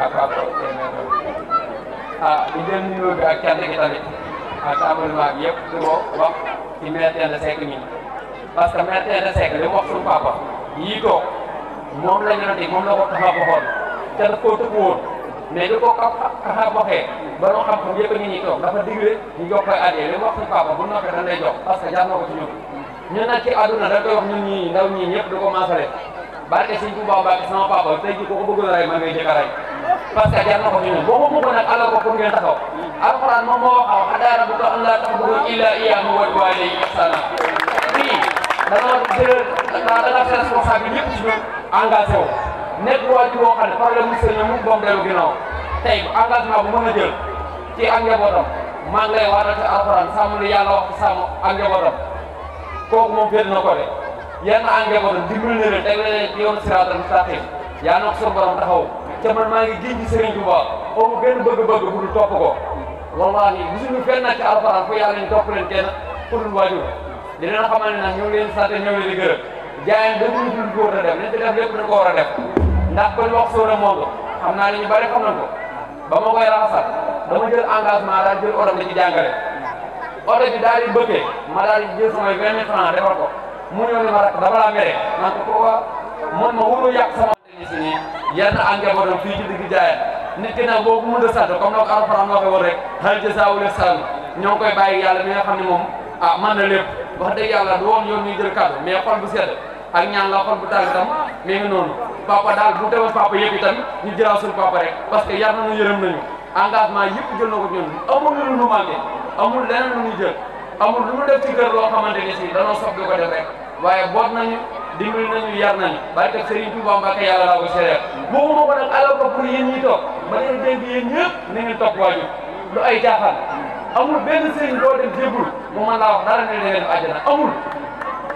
ak Papa Kémé ah di leen nuyoo bi ak cant gi tamit a abonnement bi yëpp di ko la ñu doon dégg a waxoon a waxee ba a ngi que jaar na ko ci du ko maasalee. barke sëñ Touba Mbacke sama papa tey jii ko ko bëgg a rey man ngay jëkk a rey parce que jar na ngeen taxaw alxuraan moom moo waxaw xadaa rabbuka an laa ta'budu illaa iyyaahu wa bil waalidayni ihsaana fii da nga jël da nga fes responsable ñëpp ci ñun engagé wu nekk waa mu sëñ mu doom dellu ginnaaw tey engagement bu mën a jël ci ak njabootam maa ngi lay alxuraan sàmm li yàlla wax sàmm ak njabootam kooku moom féet na yan ak njabootam dimbali na leen teg na leen yoon siraatal mustaqim yaa na ko suñu borom taxaw ca maa ngi génn ci Serigne Touba foofu benn bëgg-bëgg bu topp ko wallahi gisuñu fenn ci alxuraan fu yàlla ñu topp leen kenn ku dul waajur di leen xamal ne nag ñu ngi leen sant ñëw leen di gërëm jaayeen da duñu dul góor a def ko war a def ndax kon wax sóor naa ne ñu bari xam nañ ko ba ma koy raxasal dama jël engagement daal jël oto bi ci bi daal di bëkkee jël samay vingt mille francs defar mu yoo ne ma rek dama laa mere man pourquoi ma wóorul yàq sama ni si nii yenn enjabootam fii ci digg jaayat nit ki nag boo ko mën a sant comme nag alxuraan rek hal jazaa'ul ihsaan ñoo ngi koy bàyyi yàlla mi nga xam ne moom a ah, man na lépp wax dëgg yàlla du woon yoon ñuy jël kàddu mais xol bu sedd ak ñaan la xol bu tàng itam mi ngi noonu papa daal bu demoon papa yëpp itam ñu jëlaat suñu papa rek parce que yar nañu yërëm nañu engagement yëpp jël na ko ñun amul ñu manqué amul leneen lu ñu jël amul lu ñu def ci kër xamante ne si danoo sob waaye boot nañu dimbali nañu yar nañu barke Serigne Touba Mbacke yàlla laa ko seereer boo ma ko nag alal ko pour yéen ñi toog ma leen dégg yéen ñëpp na ngeen topp waajur lu ay jaaxal amul benn sëriñ boo dem jébul mu mën laa wax dara ne da ngeen àjjana amul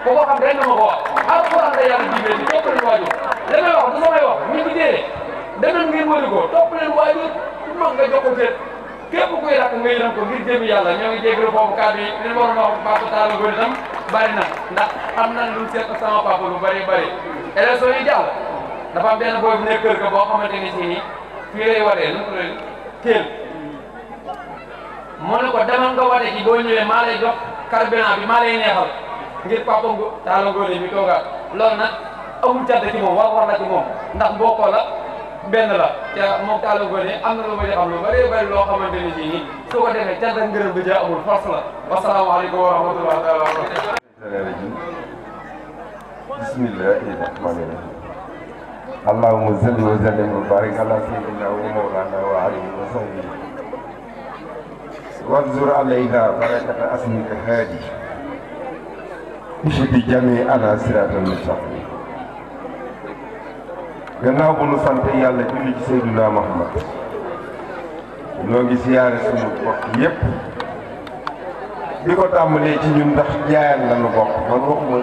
ko ko xam rek ma ko wax alxuraan da yàlla jibee di topp leen waajur li may wax du samay wax ñu ngi téere demen ngeen wëri ko topp leen waajur mag nga jox ko cër képp kuy rakk nga yërëm ko ñoo ngi jégalu foofu kàddu yi li ma waroon wax Pape Talla bari na ndax am na lu seq sama papa lu bari bari élection yi jàll dafa am benn booy bu nekk kër boo xamante ni si nii fii lay waree nu mu teel moo ne ko demal nga wate ci boo ñëwee maa lay jox carburant bi maa lay neexal ngir papa ngu taala ngóor mi toogaat loolu nag amul cadde ci moom war war la ci moom ndax mbokkoo la benn la te moom taala ngóor am na lu ma xam lu bari bari loo xamante ne si nii su ko defee ngërëm bi ja amul force la wasalaamaaleykum wa الرجيم بسم الله الرحمن الرحيم اللهم صل وسلم وبارك على سيدنا ومولانا وعلي وصحبه وانظر علينا بركة اسمك هادي بشد جميع على صراط المستقيم gannaaw bu nu sant yàlla julli ci Seydina Muhammad noo ngi siyaare sunu bokk yépp li ko tàmbalee ci ñun ndax jaayal la nu bokk man waxuma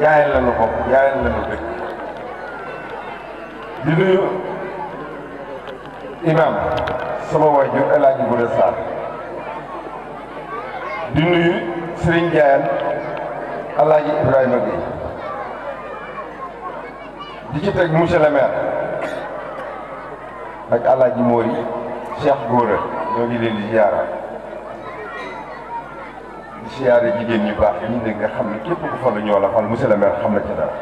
jaayal la nu jaayal la dëkk di nuyu imaam sama waajur El Hadj Goudé Sarr di nuyu Serigne Diayane El Hadj Ibrahima Gueye di ci teg monsieur le maire ak El Hadj Mori Cheikh ñoo ngi leen di ziara. siyaare jigéen yu baax yi ñu nga xam ne képp ku falu ñoo la fal monsieur le maire xam na ca dara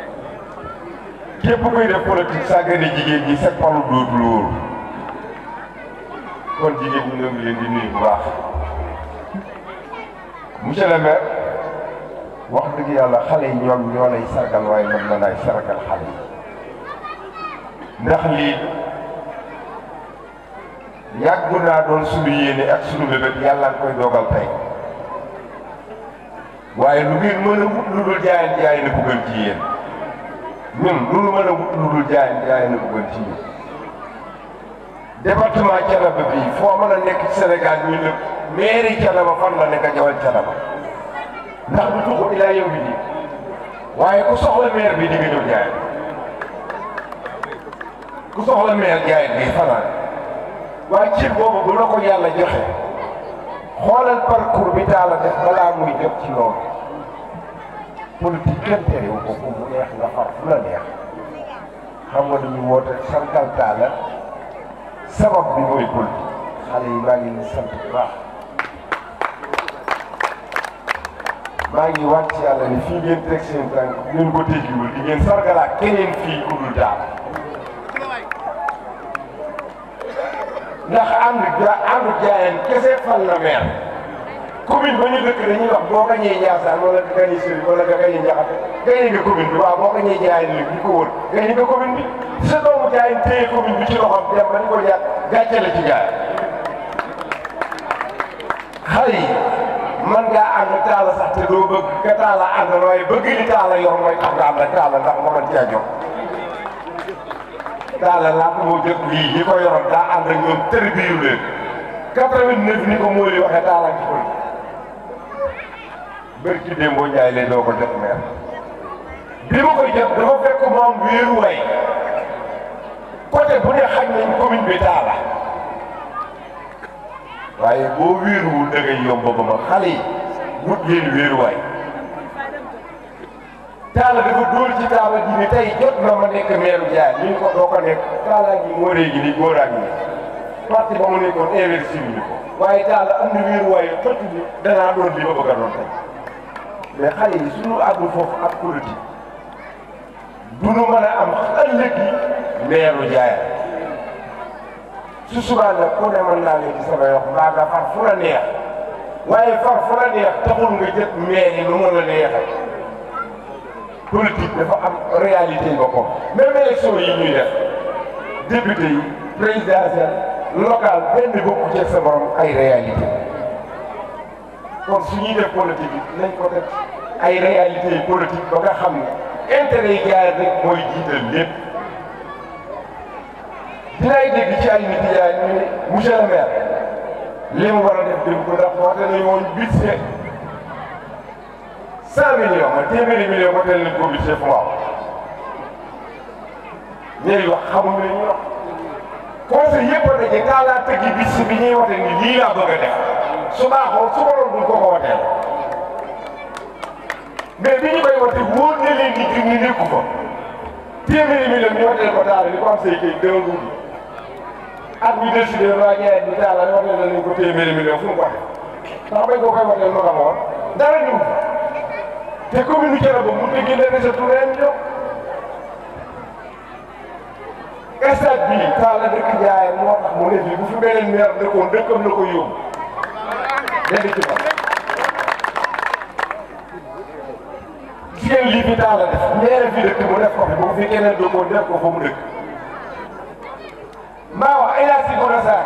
képp kuy def politique sàggane jigéen ñi sag falu dootul wóor kon jigéen ñi ñoo leen di nuyu bu baax monsieur le maire wax dëgg yàlla xale yi ñoom ñoo lay sargal waaye ñoom la naay sargal xale yi ndax lii yàgg naa doon suñu yéene ak sunu bébét yàlla koy dogal tey waaye lu ngeen mën a wut lu dul jaay jaay na ko gën ci ñun lu ñu mën a wut lu dul jaay jaay na ko gën ci yéen département Thiénaba bii foo mën a nekk ci Sénégal ñu ne mairie Thiénaba fan la nekk jawal Thiénaba ndax du tuxu ilaa yow bi waaye ku soxla maire bi di nga ku soxla maire jaay bi fanaan waaye ci boobu bu la ko yàlla joxe. xoolal parcours bi daal a def balaa muy jëm ci loolu politique kenn terewu ko ku neex nga far fu la neex xam nga dañu woote sargal taala sabab bi mooy politique xale yi maa ngi leen sant baax maa ngi wàcc yàlla ni fii ngeen teg seen tànk ngeen ko teggiwul di ngeen sargalaat keneen fii dul daal ndax ànd ja ànd jaayeen kese fal na meer commune ba ñu dëkk dañuy wax boo ko ñëwee Ndiassane wala nga gañe Serigne wala nga gañe Ndiakhate gañe nga commune bi waaw boo ko ñëwee jaayeen léegi ñu bi sa doomu jaayeen téye bi ci loxoom dem ba ñu ko jàpp gàcce la ci gaay yi man ngaa ànd taala sax te doo bëgg ka taala àndal waaye bëgg li taala yor mooy tax nga rek taala ndax moo mën caa daal la laata moo jot lii ñi ko yoroon daa ànd ak ñoom tër bi yu leen 89 ni ko Mawli waxee daal ak ñoom barke Demba Ndiaye lay doo ko jot meer bi ma koy jot dafa fekk moom wéeruwaay côté bu ne xaj nañ commune bi daal la waaye boo wéeruwul da ngay yomb ba xale wut leen wéeruwaay. taala dafa dóol ci taaba ji ni tey jot na ma nekk meeru jaay ñu ko doo ko nekk taalaa gi moo réegi ni góoraa gi ni parti ba mu nekkoon inversé bi ñu ko waaye taala am na wéeruwaay xëcc bi danaa doon li ma bëgg a doon tey mais yi suñu àggul foofu ak politique duñu mën a am ëllëg yi meeru jaay su subaa nag ku naa leen ci sama yox mbaa nga far fu la neex waaye far fu la neex taxul nga jël meer lu mën a neexee politique dafa am réalité yi boppam même élection yi ñuy def député yi présidentielle locale benn bokku ci sa borom ay réalité kon su ñuy def politique yi ko def ay réalité politique ba nga xam ne intérêt yi gars rek mooy jiital lépp dinaay dégg ci ay nit yaa ñu ne monsieur le maire li mu war a def dégg ko ndax cent millions mooy téeméeri millions ba teel nañ ko budget waaw ñu ngi wax xamuñu la ñuy wax conseil yëpp a daje kaa laa tëggi bis bi ñuy wote ni lii laa bëgg a def su baaxoon su waroon duñ ko ko woteel mais bi ñu koy wote wóor na leen nit ñi nekku fa téeméeri millions ñu woteel ko daal li ko am say kay dënnu bi at mi décidé waa Ndiaye bi daal la ko téeméeri ko waxee ndax bañ ko koy woteel lu ko dara ñu. te commune Thiénaba mu dégg leen ne sa tur ren ñëw stade bi Talla dëkk Ndiaye moo tax mu ne fii bu fi beneen maire dëkkoon dëkkam la ko yóbbu dégg ci ba jigéen lii fi Talla def maire fi dëkk mu def ko fi bu fi keneen dëkkoon def ko fa mu dëkk maa wax ay laaj si Gorasar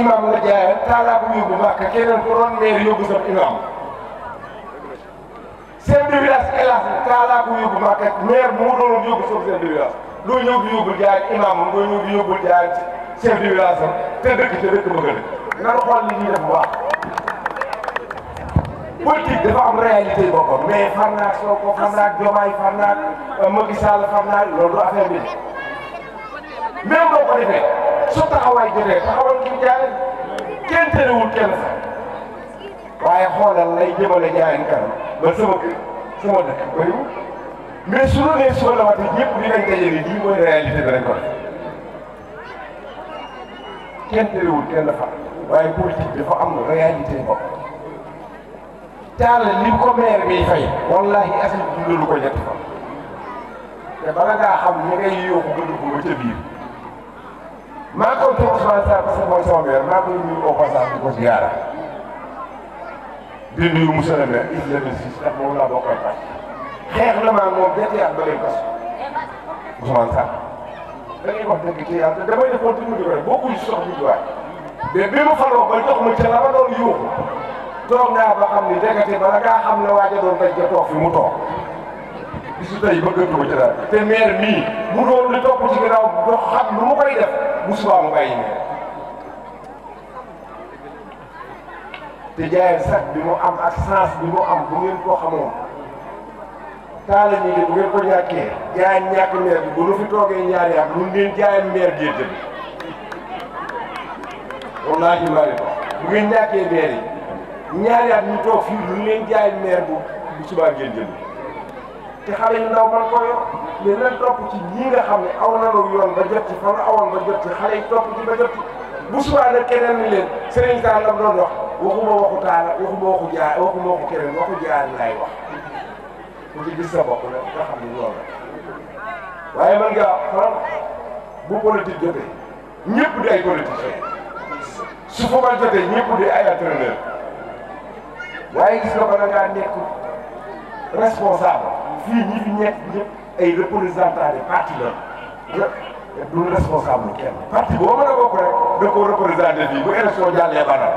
imam la jaayee Talla bu yóbbu Màkka keneen ku doon maire yóbbu sam imam chef de village hélas yóbbu Màkka maire moo doon yóbbu suuf chef de village loo ñëw di yóbbul jaay ak imaam am loo ñëw di te dëkk ca dëkk bëgg a nan xool li ñuy def bu baax politique dafa am réalité boppam mais far naag Sonko far naag Diomaye far naag euh, Macky Sall far naag loolu du affaire bi même boo ko defee su taxawaay jotee taxawal ñu jaay kenn terewul kenn sax waaye xoolal lay jëmale jaayeen kanam ba sama kër sama dëkk bëriwul mais su la nee suba la wàcc ñëpp ñu ngi daje ni lii mooy réalité bi lañ ko def kenn tëriwul kenn dafa waaye politique dafa am réalité bopp taala li ko maire bi fay wallahi asin dundalu ko ñett fa te bala ngaa xam ñi ngay yóbbu nga dugg ba ca biir maa ko toog Ousmane Sarr parce que mooy sama maire maa ko nuyu au ko ziyaara di nuyu monsieur le maire a Ciss ak moom laa bokkoon ak xeex na maa moom benn at ba léegi kaso Ousmane Sarr da ngay wax dëgg ci yàlla te damay def continué di ko def bokkuñ si sox bi waay mais bi ma faroo ba jox ma ca la ma doon ni dégate bala ngaa xam ne waaja doon toog fi mu toog bisu tey bëggatu ko ci te maire mii mu doon li topp ci ginnaaw dox xam lu mu koy def bu subaa mu bàyyi te jaayal sax bi mu am ak sens bi mu am bu ngeen ko xamoon taala ñu ngi bu ko ñàkkee jaayal ñàkk meer bi bu nu fi toogee ñaari at lu ngeen jaayal meer géej bi wallaahi ko bu ngeen ñàkkee meer yi ñaari at toog fii lu leen jaayal bu bu subaa ngeen jënd te xale yu ndaw man ko yor mais nag ci ñii nga xam ne aw na yoon ba jot ci fa nga awoon ba jot ci xale yi ci ba jot ci bu subaa nag leen sëriñ Tall la doon wax waxuma waxu waxuma waxu jaar waxuma waxu wax ku ci gis sa bopp nag nga loolu waaye man ngaa xoolal bu politique jotee ñëpp di ay politiciens su football jotee ñëpp di ay entraîneur waaye gis nga bala ngaa nekk responsable fii ñi fi nekk ñëpp ay représentants de parti la. du responsable kenn parti boo mën a bokk rek da koo représenté fii bu élection jàllee banal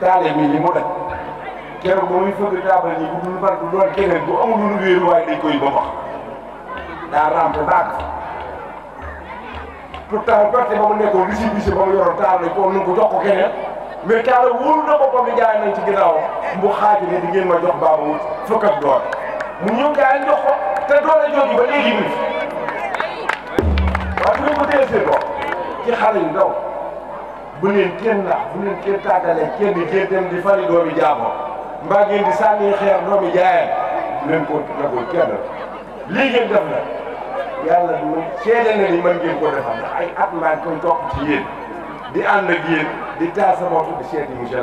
taale mii ni mu daj keroog ba muy fëgg taabal ñi bu dul ban du doon keneen bu amul lu wéeru waaye dañ koy ba wax daa rampe baag pourtant parti ba mu nekkoon récépissé ba mu yoroon taal nañ ko nu ko jox ko keneen mais taal wóolu na boppam ni jaay nañ ci ginnaaw mu xaaju ne di ngeen ma jox baaba wut fukk ak doole mu ñëw gaa yi te doole jooju ba léegi mu waaye su ñu ko téye seen ci xale yu ndaw bu leen kenn ndax bu leen kenn tàggalee kenn di génn di fari doomi jaamoo mbaa ngeen di sànni xeex doomi jaayeen bu leen ko nagul kenn lii ngeen def na yàlla du seede na ni mën ngeen ko defal ay at maa ngi ci yéen di ànd ak yéen di taal sa bopp di seeti monsieur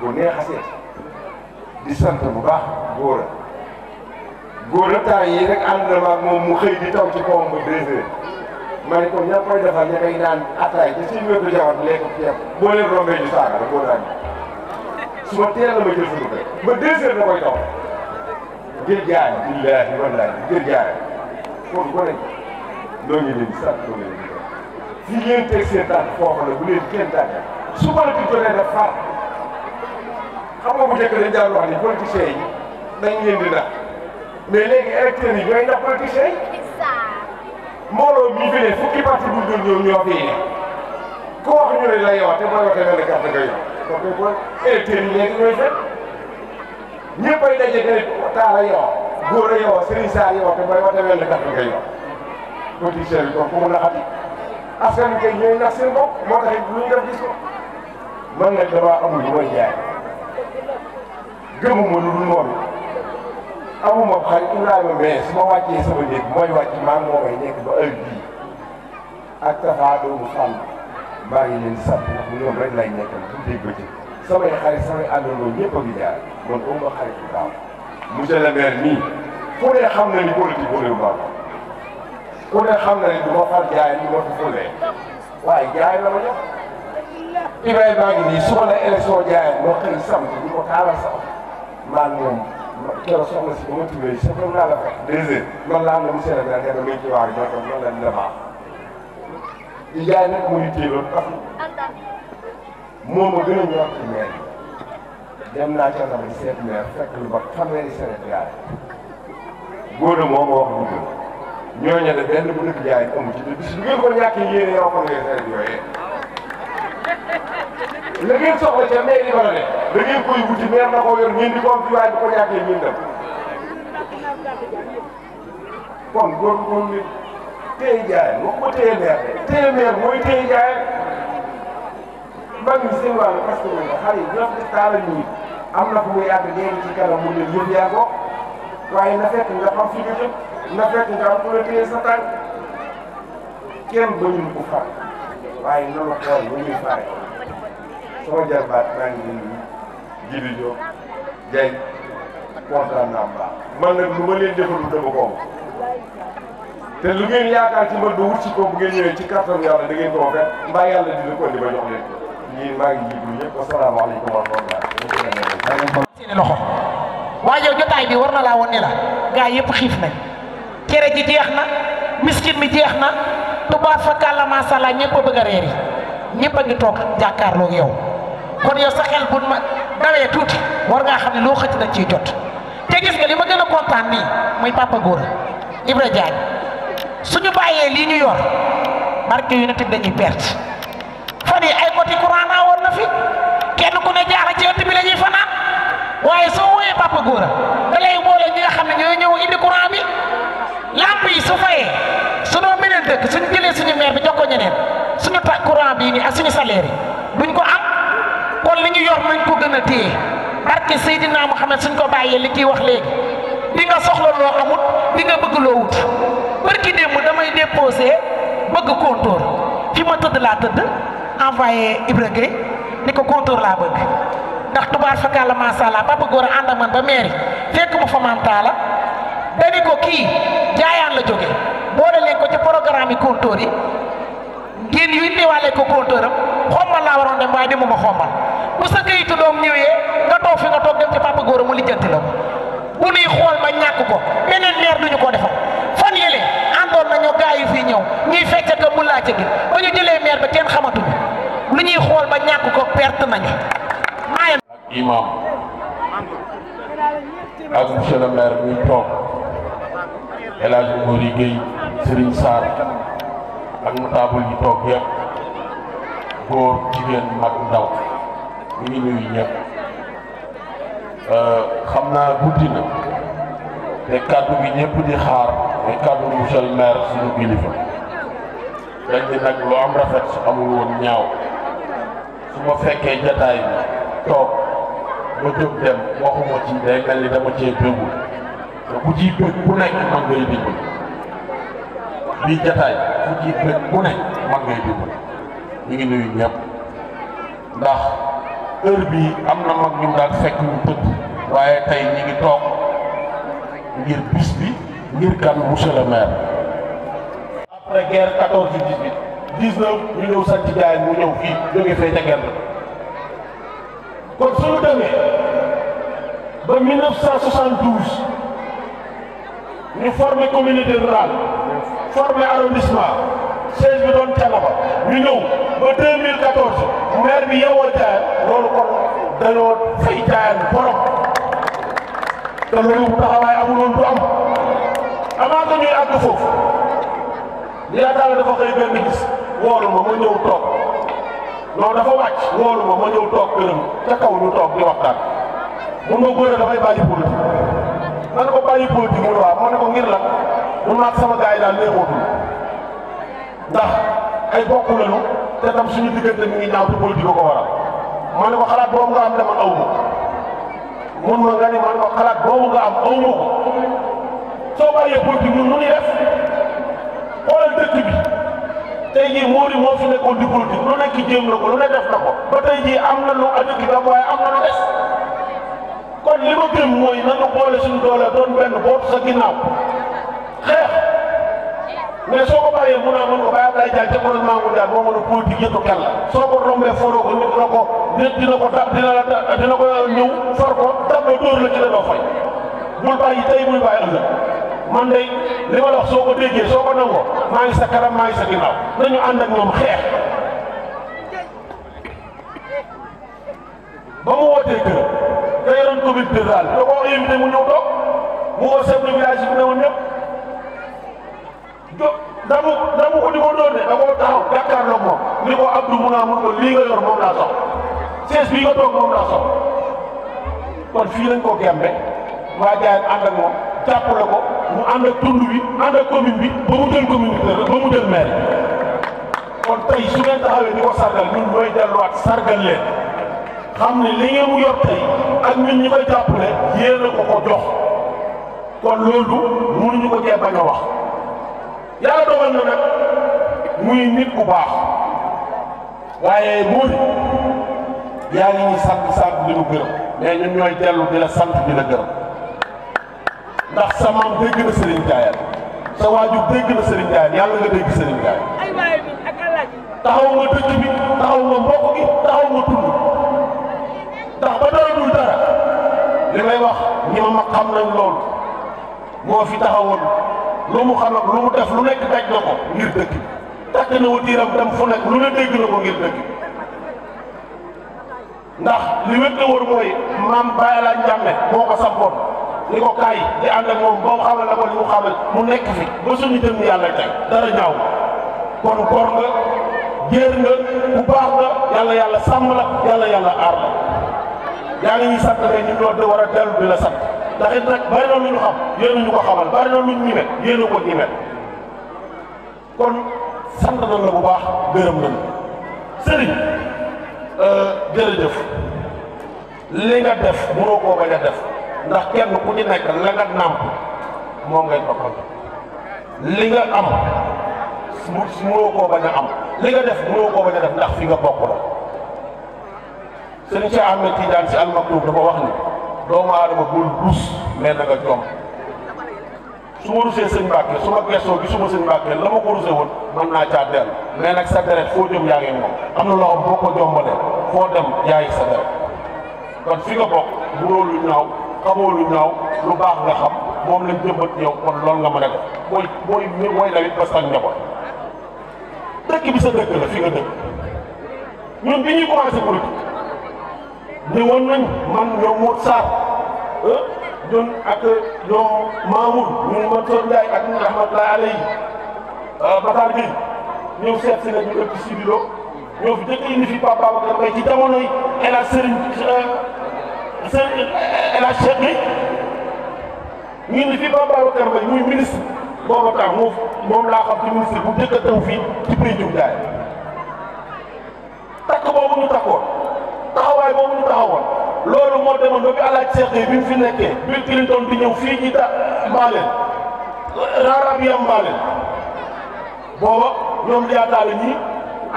ko neex a seeti di sant bu baax góor góor la temps yii rek ànd na maag moom mu xëy di taw ci kawam ba deux heures ma ne kon ña koy defar ña koy naan attaay te suñu wetu jawar bi lekk ceeb boo ñu saaga rek boo su ma teel a ma jël suñu kër ba deux heures na jaay billaahi ko nekk noo ngi leen di sant noo ngi leen di fi ngeen teg seen foofu la bu leen kenn tànk su ma la ko jotee daf faat xam nga bu njëkk dañ daan wax ne politiciens yi dañ leen di nax mais léegi électeurs yi ñooy ndax politiciens yi. mbooloo mi fi ne fukki parti bu dul ñoom ñoo fi ne ñu la yow te mooy a benn carte nga yor kon kay kon électeurs yi léegi ñooy fekk ñëpp ay daje te taala yow góor a yow Serigne Sarr yow te mooy waxee benn carte nga yor politiciens yi kon ku mun a xati askan kay ñooy nax moo tax it lu ñu def gis ko man nag damaa amul lu may jaay gëmuma noonu. amuma xar Ibrahima mais su ma wàccee sama néeg mooy wàcc maa ngi moo ba heure bii ak Tafa doomu Fall maa ngi leen di sant ndax rek lay nekkal bu dee bëccëg samay xarit samay àndandoo ñëpp a ngi jaar man amuma xarit bu daaw monsieur le maire nii ku ne xam na ni politique bu réew ma ku ne xam na du ma far jaay ni ma fi fulee waaye jaay la ma jox Ibrahima ngi nii su ma la élection jaayee ma xëy samedi di ko taala sax maa ngi keroog soxna si ba ma tibbee sax doon naa la fa deux heures man laa am na monsieur le maire nee na muy ci waar yi man man la di jaay nag mu yittee loolu parce ma gën a ñor ci maire dem naa ca ndam seet maire fekk lu ba fanweeri Sénégal góor a moo ma wax dugg ñooñu ne benn bu dëkk jaay amu ci te bis bu ngeen ko ñàkkee yéene yow ko ngay xeet yooyee la ngeen soxla ca mais li ma la ne da ngeen koy wuti meer na ko di ko am waaye bu ko ñàkkee ñun dem kon góor góor nit téye jaay wax ko téye meer téye meer mooy téye jaay mag ñi seen wàll parce que man xar yi ñoo fi am na fu muy yàgg léegi ci kanam mu ne yëf yaa ko waaye na fekk nga xam fi nga na fekk nga am ku la téye sa tànk kenn bañu far waaye nan la xool ñuy fare sama jarbaat maa ngi nuyu Jibi Diop nag lu ma leen defalul dama ko te lu ngeen yaakaar ci man ba ci kàttan yàlla da ngeen ko fekk mbaa yàlla dina ko indi ba jox leen ñii maa ngi jiblu ñëpp wasalaamaaleykum wa rahmatulah. seen loxo waaye jotaay bi war na laa wan ne la gaa yëpp xiif nañ cere ji jeex na miskin mi jeex na tubaab fa kàlla macha allah ñëpp bëgg a reer yi ñëpp a ngi toog jàkkaarloog yow. kon yow sa xel bu ma dawee tuuti war ngaa xam ne loo xëcc dañ ciy jot te gis nga li ma gën a kontaan nii muy papa Gora Ibra Diagne suñu bàyyee lii ñu yor barke yu ne tëdd dañuy perte fan yi ay côté courant naa woon na fi kenn ku ne jaara ci ëtt bi la ñuy fanaan waaye soo wooyee papa Gora da lay boole ñi nga xam ne ñooy ñëw indi courant bi lamp yi su fayee sunoo meneen dëkk suñu jëlee suñu maire bi jox ko ñeneen suñu ta courant bii nii ak suñu salaire yi ko kon li ñu yor nañ ko gën a téye barke Seydina Muhammad suñ ko bàyyee li ciy wax léegi li nga soxla loo amut di nga bëgg loo wut barki démb damay déposé bëgg contour fi ma tëdd laa tëdd envoyé Ibra ni ko contour laa bëgg ndax tubaar fakkaa la macha allah papa góor a ànd ak man ba mairie fekk ma fa maam taala dani ko kii jaayaan la jóge boole leen ko ci programme yi contour yi ngeen yu indiwaale ko contour xombal laa waroon dem waaye demuma xombal bu sa kayitu doom ñëwee nga toog fi nga toog ci papa góor mu lijjanti la ko bu nuy xool ba ñàkk ko beneen meer duñu ko defal fan yële àndoon nañu gaa yi fii ñëw ñuy fecce ko mu laajte gi ba ñu jëlee meer ba kenn xamatuñu lu ñuy xool ba ñàkk ko perte nañu. imam ak monsieur le maire muy toog El toog yëpp góor jigéen mag ndaw. ñu ngi nuyu ñëpp euh, xam naa guddi na te kàddu gi ñëpp di xaar te kàddu monsieur maire suñu kilifa dañ di nag lu am rafet su amul woon ñaaw su ma fekkee jataay bi toog ma jóg dem waxuma ci day mel ni dama cee bëggul te ku ciy bëgg ku nekk man ngay dimbal bii jataay ku ciy bëgg nekk man ngay dimbal ñu nuyu ñëpp ndax heure bii am na mag ñu daal fekk ñu tëdd waaye tey ñi ngi toog ngir bis bi ngir kan monsieur le maire. après guerre 14 18 19 ñu ñëw sant jaay mu ñëw fii jóge fee ca guerre kon suñu demee ba 1972 ñu formé communauté rurale formé arrondissement. chaise bi doon tegu fa ñu ñëw ba 2014 maire bi yeewoo Thiayane loolu kon dañoo fay Thiayane borom te loolu bu taxawaay amul woon du am avant que ñuy àgg foofu yaakaar dafa xëy benn gis woolu ma ma ñëw toog non dafa wàcc woolu ma ma ñëw toog këram ca kaw ñu toog di waxtaan mun nga góor a dafay bàyyi politique man ko bàyyi politique mu ne ma ne ko ngir la mu naat sama gars yi daal neexootul ndax ay bokk lañu te tam suñu diggante mi ngi ñaaw te politique ko waral ma ne ko xalaat boobu nga am dama aw ma mun nga ni ma ne ko xalaat boobu nga am aw ma ko soo bàyyee politique ñun nu ñuy def xoolal dëkk bi tey jii moo yi moo fi nekkoon di politique lu nekk jéem na ko lu ne def na ko ba tey jii am na lu dëkk bi am waaye am na li ma gëm mooy na nga boole suñu doole doon benn boot sa ginnaaw xeex. mais soo ko bàyyee mun naa mën ko bàyyi Abdoulaye Diagne jamono Mamour Diagne moo a politique yëpp kàlla ko rombee fooroo ko nit dina ko nit dina ko dab dina la man day li wax soo ko déggee soo ko nangoo maa ngi sa kanam maa ngi moom mu wootee kër da yoroon commune rurale da koo invité bi ne woon jóg damu damu ko di ko doon de da koo taxaw jàkkaarloog moom ni ko Abdou mun naa mun ko lii nga yor moom laa soxla sees bii nga moom laa soxla kon fii lañ ko gembe waa jaay ànd ak moom jàppale ko mu ànd ak tund bi ànd ak commune bi ba mu jël commune bi ba mu jël maire kon tey su ngeen taxawee ni ko sargal ñun ñooy delluwaat sargal leen xam ne li ngeen mu yor tey ak ñun ñi koy jàppale yéen a ko ko jox kon loolu mënuñu ko cee bañ a wax. yàlla dogal na nag muy nit bu baax waaye muur yaa ngi ñuy sant sant di nu gërëm mais ñun ñooy dellu di la sant di la gërëm ndax sa maam dégg na Serigne Ndiaye sa waajur dégg na Serigne Ndiaye yàlla nga dégg Serigne Ndiaye taxaw nga dëkk bi taxaw nga mbokk gi taxaw nga tund ndax ba dara dul dara li may wax ñi ma mag xam nañ loolu moo fi taxawoon. lu mu xam lu mu def lu nekk daj na ko ngir dëkk takk na watiiram dem fu nekk lu ne dégg na ko ngir dëkk ndax li wér te wóor mooy maam Baye Njàmme moo ko sampoon ni ko kaay di ànd moom ba mu xamal la ko li mu xamal mu nekk fi ba suñu jëm yàlla tey dara ñaaw kon gor nga jéer nga bu baax yàlla yàlla sàmm la yàlla yàlla aar la yaa ngi ñuy sant rek ñu doon war a dellu bi la sant. ndax it nag bari na lu xam yéen ñu ko xamal bari na lu ñu ko ñime kon sant nañ la bu baax gërëm nañ sëriñ euh, jërëjëf li nga def mënoo koo bañ a def ndax kenn ku ci nekk la nga nàmp moom ngay toppal li nga am mënoo koo bañ a am li nga def mënoo koo bañ a def ndax fi nga bokk la sëriñ Cheikh Ahmed Tidiane si Al Maktoum dafa wax ni doomu aadama bul rus mais na nga jom su ma rusee sëñ Mbàkke su ma gëstoo gisuma sëñ Mbàkke la ma ko rusee woon mën naa caa dellu mais nag sa deret foo jëm yaa moom am na loo xam boo ko jombalee foo dem yaa ngi sa deret kon fi nga bokk mënoo lu ñaaw xamoo lu ñaaw lu baax nga xam moom lañ jëmbat yow kon loolu nga mën a def mooy mooy mooy nawet ba sax njaboot dëkk bi sa dëkk la fi dëkk ñun bi ñuy commencé politique ñëwoon nañ man ñoom Mor Sarr eh, ñun ak ñoom Mamour ñun Mansour Ndiaye ak ñun rahmatullahi alayhi ah, Bataar bi ñëw seet si nag ñu ëpp si biir fi njëkk a indi fi Pape Babacar Mbaye ci jamonoy El Hadj Serigne eh, Serigne eh, El Hadj Cheikh bi fi Pape Babacar Mbaye muy ministre booba temps moom moom laa xam ci ministre bu njëkk a taw fii ci prix Diouf Ndiaye takk boobu ñu takkoon. taxawaay boobu ñu taxawoon loolu moo demoon ba bi alaaj Seex bi mu fi nekkee Bill Clinton di ñëw fii ci ta Mbaaleen raaraab yam Mbaaleen booba ñoom yaa daal ñii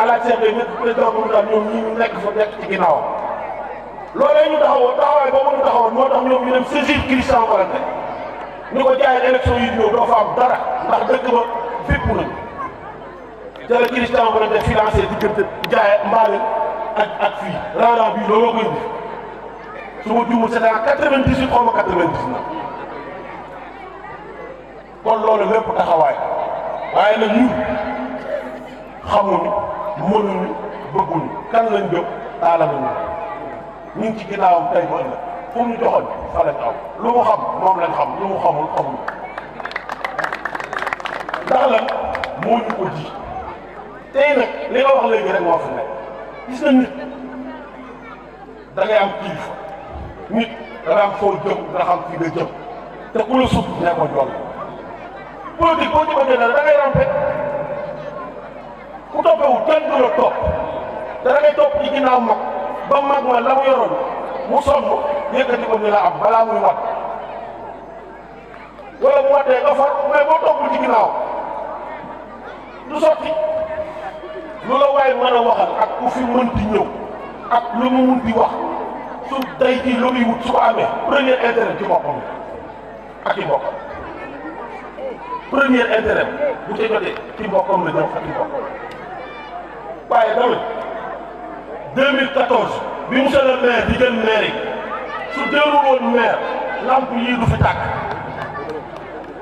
alaaj Seex bi nekk président bu mu daal ñoom ñii ñu nekk fa nekk ci ginnaawam loolee taxawaay boobu ñu taxawoon moo tax ñoom ñu dem saisir Christian Valentin ñu ko jaayee élection yi ñëw doo fa am dara ndax dëkk ba fépp nañu jële Christian Valentin financé diggante jaayee Mbaaleen ak ak fii raaraa bii looloo koy indi su ma juumul c'était en quatre-vingt-dix-huit xaw ma quatre-vingt-dix-neuf kon loolu lépp taxawaay waaye nag ñun xamuñu mënuñu bëgguñu kan lañ jóg taalamuñu ñu ngi ci ginnaawam tey ba ëllëg fu mu ñu joxoon fa lañ lu mu xam moom lañ xam lu mu xamul xamul ndax lan moo ñu ko ji tey nag li nga wax léegi rek moo fi gis na nit da ngay am kilifa nit jëm nga xam jëm te ku la suuf ne ko jox politique boo jëmante ne da rampe ku toppewul kenn du la topp da ngay topp ci ginnaaw mag ba mag mu yoroon mu sonn ko ni la am balaa muy wat wala watee nga far boo toppul ci ginnaaw du sotti. lu la waay mën a ak ku fi ñëw ak lu mu mënti wax su tey jii lu muy wut su amee premier intérêt ci boppam ak ci boppam premier intérêt bu ca jotee ci boppam la ñëw ak ci boppam waaye tamit 2014 bi monsieur le maire di jël maire yi su jëlul woon maire lamp yii du fi tàkk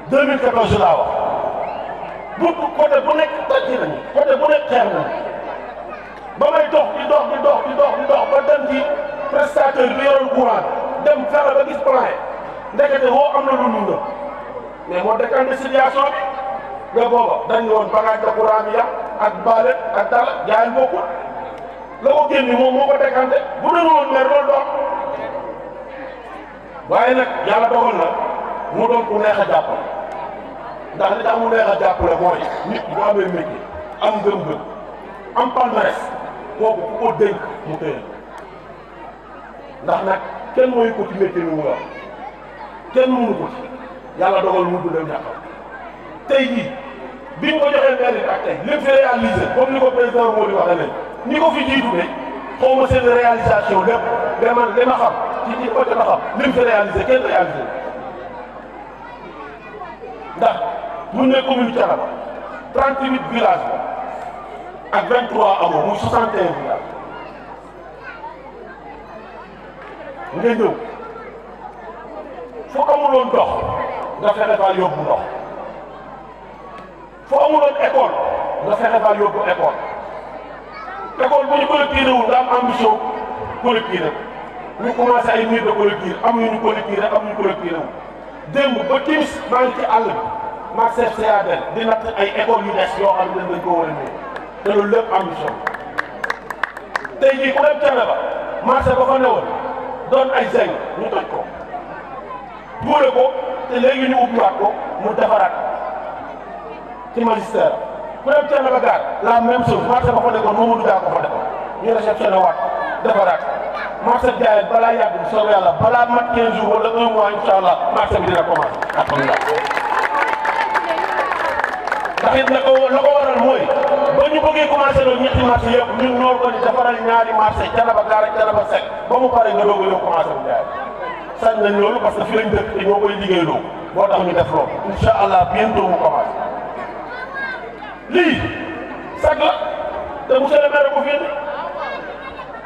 2014 laa wax. buntu côté bu nekk toj nañu bu nekk xeer nañu ba may dox di dox di dox di dox di dox ba dem ci prestataire bi yoroon dem fexe ba gis plan ndekete woo am na lu ñu mais moo décanté situation bi nga booba dañ ne woon bagage de courant bi yàq ak baale ak dara jaay bokkul la ko génne moom moo ko décanté bu dul woon mer waaye nag yàlla dogal na mu doon ku neex a ndax li tax mu neex a jàppale mooy nit bu amee métier am gëm-gëm am palmarès kooku ku ko dénk mu tëye ndax nag kenn mooy ko ci métier bi mu wax kenn mënu ko ci yàlla dogal mu dundal tey jii biñ ko joxee mairie ak tey lépp fi réalisé comme ni ko président moo di waxee léegi ñi ko fi jiitu de xaw ma seen réalisation lépp mais man li ma xam ci ci côté ma xam lim fi réalisé kenn réalisé ndax. bu ñu nee commune Thiénaba 38 villages la ak 23 hameaux muy 61 villages nga ñëw fu amuloon ndox nga fexe baal yóbbu ndox fu amuloon école nga fexe baal yóbbu école école bu ñu collectivé wul nga am ambition collectivé ñu commencé ay murs de collectivité amuñu collectivé amuñu collectivé wu démb ba timis maa ngi ci àll bi. mag chef CADL di natt ay école yu des yoo xam ne dañ ko te loolu lépp am solo tey jii ku dem Thiénaba marché ba fa newoon doon ay zinc ñu toj ko buure ko te léegi ñu ubbiwaat ko mu defaraat ci magistère ku dem Thiénaba gaar la même chose marché ba fa nekkoon Mamadou Dia ko fa defar ñu réceptionné waat defaraat marché balaa yàgg bu soobee yàlla balaa mat 15 jours wala un mois incha allah marché bi dina commencé alhamdulilah ndax it la ko la ko waral mooy ba ñu bëggee commencé loolu ñetti marché yëpp ñun noor ko di defaral ñaari marché Thiénaba Gaara Thiénaba Seck ba mu pare nga doog a ñëw commencé mu jaay sañ nañ loolu parce que fi lañ dëkk te ñoo koy liggéeyaloo moo tax ñu def loolu incha allah bientôt mu commencé lii sag la te monsieur le maire ko fi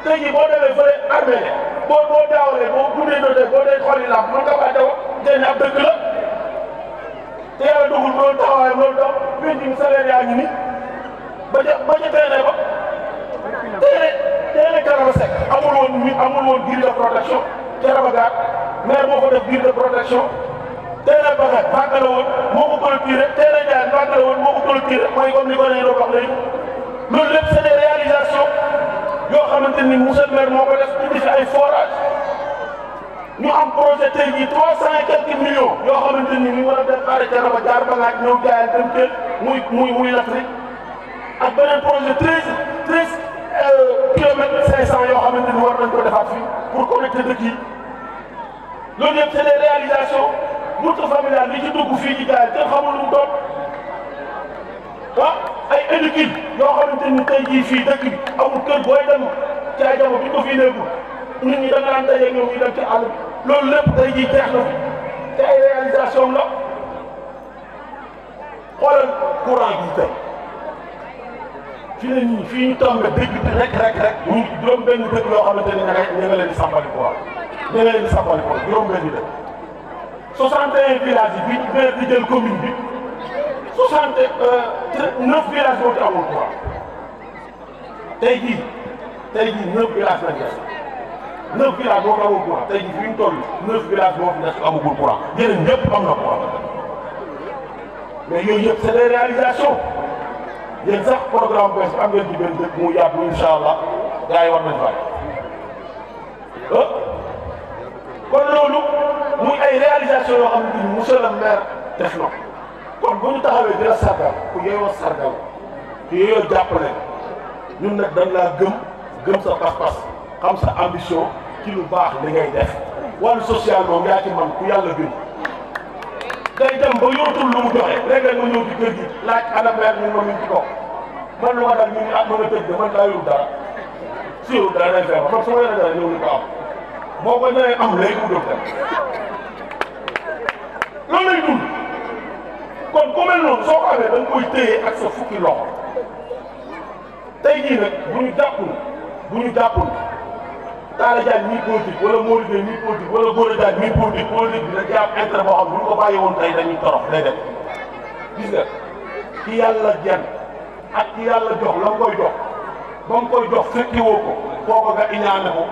tey jii boo demee fële armée ne boo boo daawalee boo guddee doon tey boo dee xooli lamb man nga faa taw jënd ab dëkk la te yàlla dugul loolu printing salaire yaa ngi ni ba ca ba ca terrain ba terrain terrain Karaba Seck amul woon nit amul woon grille de protection Karaba Gare maire moo ko def grille de protection terrain Bakhar bàgg moo ko clôturé terrain Ndiaye bàgg la woon moo ko clôturé mooy comme ni ko dañu doon wax léegi lépp c'est des yoo xamante ni monsieur le maire moo ko def indi fi ay forages ñu am projet tey jii trois cent et yoo xamante ni ñu war a def arrêté Karaba Gare ba naaj muy muy muy Latri ak beneen projet treize treize euh, kilomètres cinq cent yoo xamante ni war nañ ko defaat fii pour connecter dëkk yi loolu yëpp c'est des réalisations multifamiliales li ci dugg fii ci gars yi kenn xamul lu mu doon ah ay éduqués yoo xamante ni tey jii fii dëkk bi amul kër booy dem ci ay jamono bi ñu ko ñi da nga daan daje ñoom ñu dem ci àll loolu lépp tey jii jeex na fi te la. xoolal courant bi tey fii la ñuy fii ñu tombé dégg rek rek rek ñu ngi juróom benn dëkk yoo xamante ne ña nga ña nga leen di sàmbali quoi ña nga leen di sàmbali quoi juróom benn dëkk yi bi maire di jël commune bi 69 euh, villages moo ci amul quoi tey jii tey jii 9 villages lañ des 9 villages moo fi amul courant tey jii fi ñu toll na courant mais yooyu yëpp c' est des réalisations yéen sax programme bees bi am ngeen ci benn dëkk mu yaatu incha allah gars yi war nañ fay ah euh? kon loolu muy ay réalisation yoo xam ne monsieur le maire def na kon bu ñu taxawee dina sargal ku yeewoo sargal ku yeewoo jàppale ñun nag dañ laa gëm gëm sa pas-pas xam sa ambition ci lu baax li ngay def wàllu social moom yaa ci man ku yàlla bind. day dem ba yootul lu mu joxe léeg-léeg ma ñëw ci kër gi laaj ma ñu ci kaw man lu ma dal ñu ne ma nga tëj de man daa si yor dara day feebar man su ma yoree dara ñëw ñu ko am boo ko ñëwee am léegi mu jóg dem loolu lay dund kon ku mel noonu soo ko amee da nga koy téye ak sa fukki loxo tey jii nag bu Talla Diagne mii politique wala Mody Gueye mii politique wala Gora Diagne mii politique politique bi dañ jàpp intérêt boo xam ne bu ko bàyyi woon tey dañuy torox day dem gis nga yàlla jan ak ki yàlla jox la nga koy jox ba nga koy jox fekki woo ko kooku iñaane ko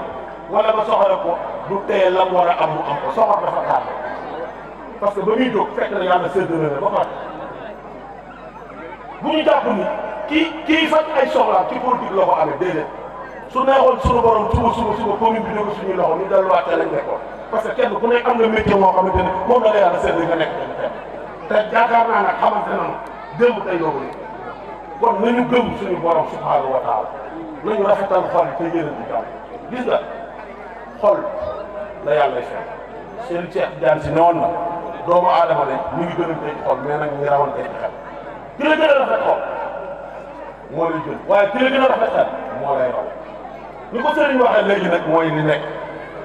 wala nga soxore ko du teye la war a am mu am ko soxor dafa tànn parce que ba muy jóg fekk na yàlla séddale na ba pare bu ñu jàpp ni kii kii faj ay soxlaa ci politique la ko amee déedéet su neexoon suñu borom suba suba suba commune bi jóge suñuy loxo ñu delluwaat ca lañ nekkoon parce que kenn ku ne am nga métier moo xamante ne moom la la yàlla seet li nga nekk te jaakaar naa nag xamante nañu démb tey loolu kon nañu gëm suñu borom subhanahu wa taala nañu rafetal xol te yéneen di jàmm gis nga xol la yàlla fekk si newoon na doomu aadama ne ñu ngi gënante ci xol mais nag ñu ngi rawante ci xel ki la gën a rafet xol moo la gën a moo lay raw li ko sëriñ waxee léegi nag mooy ni nekk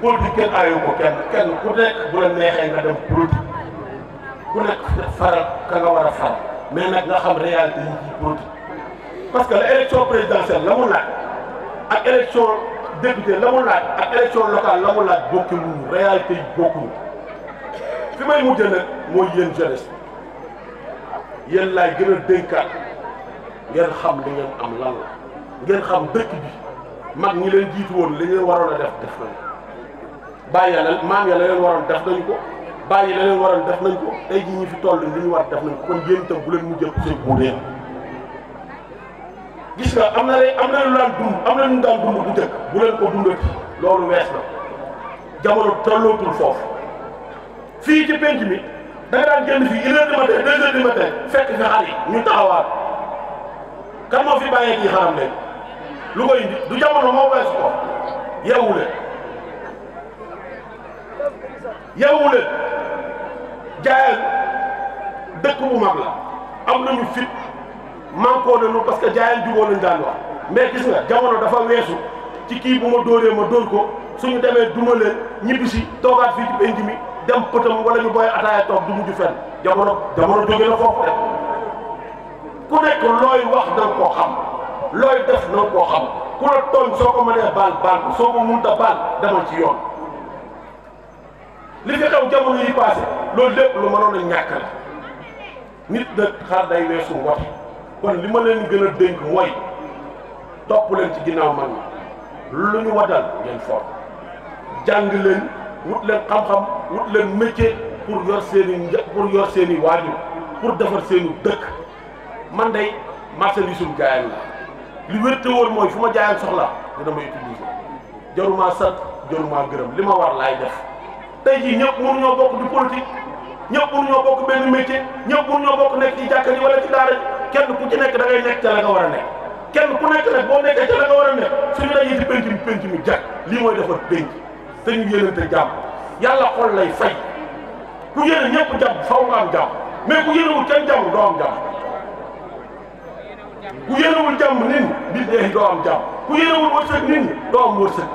politique kenn aayu ko kenn kenn ku nekk bu la neexee nga dem politique ku nekk faral ka nga war a faral mais nga xam réalité yi ci politique que la élection présidentielle la mu laaj ak élection député la mu laaj ak élection locale la mu laaj bokkul réalité yi bokkul fi may mujj nag mooy yéen jeunesse yéen laay gën a ngeen xam li ngeen am lan la ngeen xam dëkk mag ñi leen jiitu woon li leen waroon a def def nañ ko bàyyi la maam waroon def nañ ko bàyyi la leen waroon def nañ ko tey jii ñu fi toll li ñu war ko kon yéen itam bu leen mu jël seen bu réer gis nga am na lay am na am na lu ko dundati loolu wees na jamono tollootul foofu fii ci penc mi da nga daan génn fii une heure fekk fi xar ñu taxawaat kan moo fi bàyyee kii lu indi du jamono moo weesu ko yeewu leen yeewu leen jaayal dëkk bu mag la am nañu fit mankoo nañu parce que jaayal jugoo nañ daan mais gis nga jamono dafa weesu ci kii bu ma dóoree ma dóor ko suñu demee duma leen ñibbi si toogaat fii ci penc mi dem pëtam wala ñu booy ataaya toog du mujj fenn jamono na foofu rek ku nekk looy wax da nga xam looy def na koo xam ku la tooñ soo ko mënee baal baal soo ko mënut a baal demal ci yoon li fi xew jamono yi passé loolu lépp lu mënoon a ñàkk la nit nag xaar day kon li ma leen gën a dénk mooy topp ci ginnaaw man lu ñu wadal ngeen for jàng leen wut leen xam-xam wut leen métier pour yor seen i një pour yor seeni i waajur pour defar seen dëkk man day marchandise um gaayam la li wér te wóor mooy fu ma jaayaan soxla dina ma utiliser jaruma sant jaruma gërëm li ma war laay def tey jii ñëpp mënuñoo bokk di politique ñëpp mënuñoo bokk benn métier ñëpp mënuñoo bokk nekk ci jàkka ji wala ci daara kenn ku ci nekk da ngay nekk ca la nga war a nekk kenn ku nekk nag boo nekkee ca la nga war a nekk suñu dajee ci penc mi penc mi jag lii mooy defar penc te ñu yéenante jàmm yàlla xol lay fay ku yéene ñëpp jàmm faw nga am jàmm mais ku yéenewul kenn jàmm doo am ku yéenewul jàmm nit ñi billahi doo am jàmm ku yéenewul wërsëg nit ñi wërsëg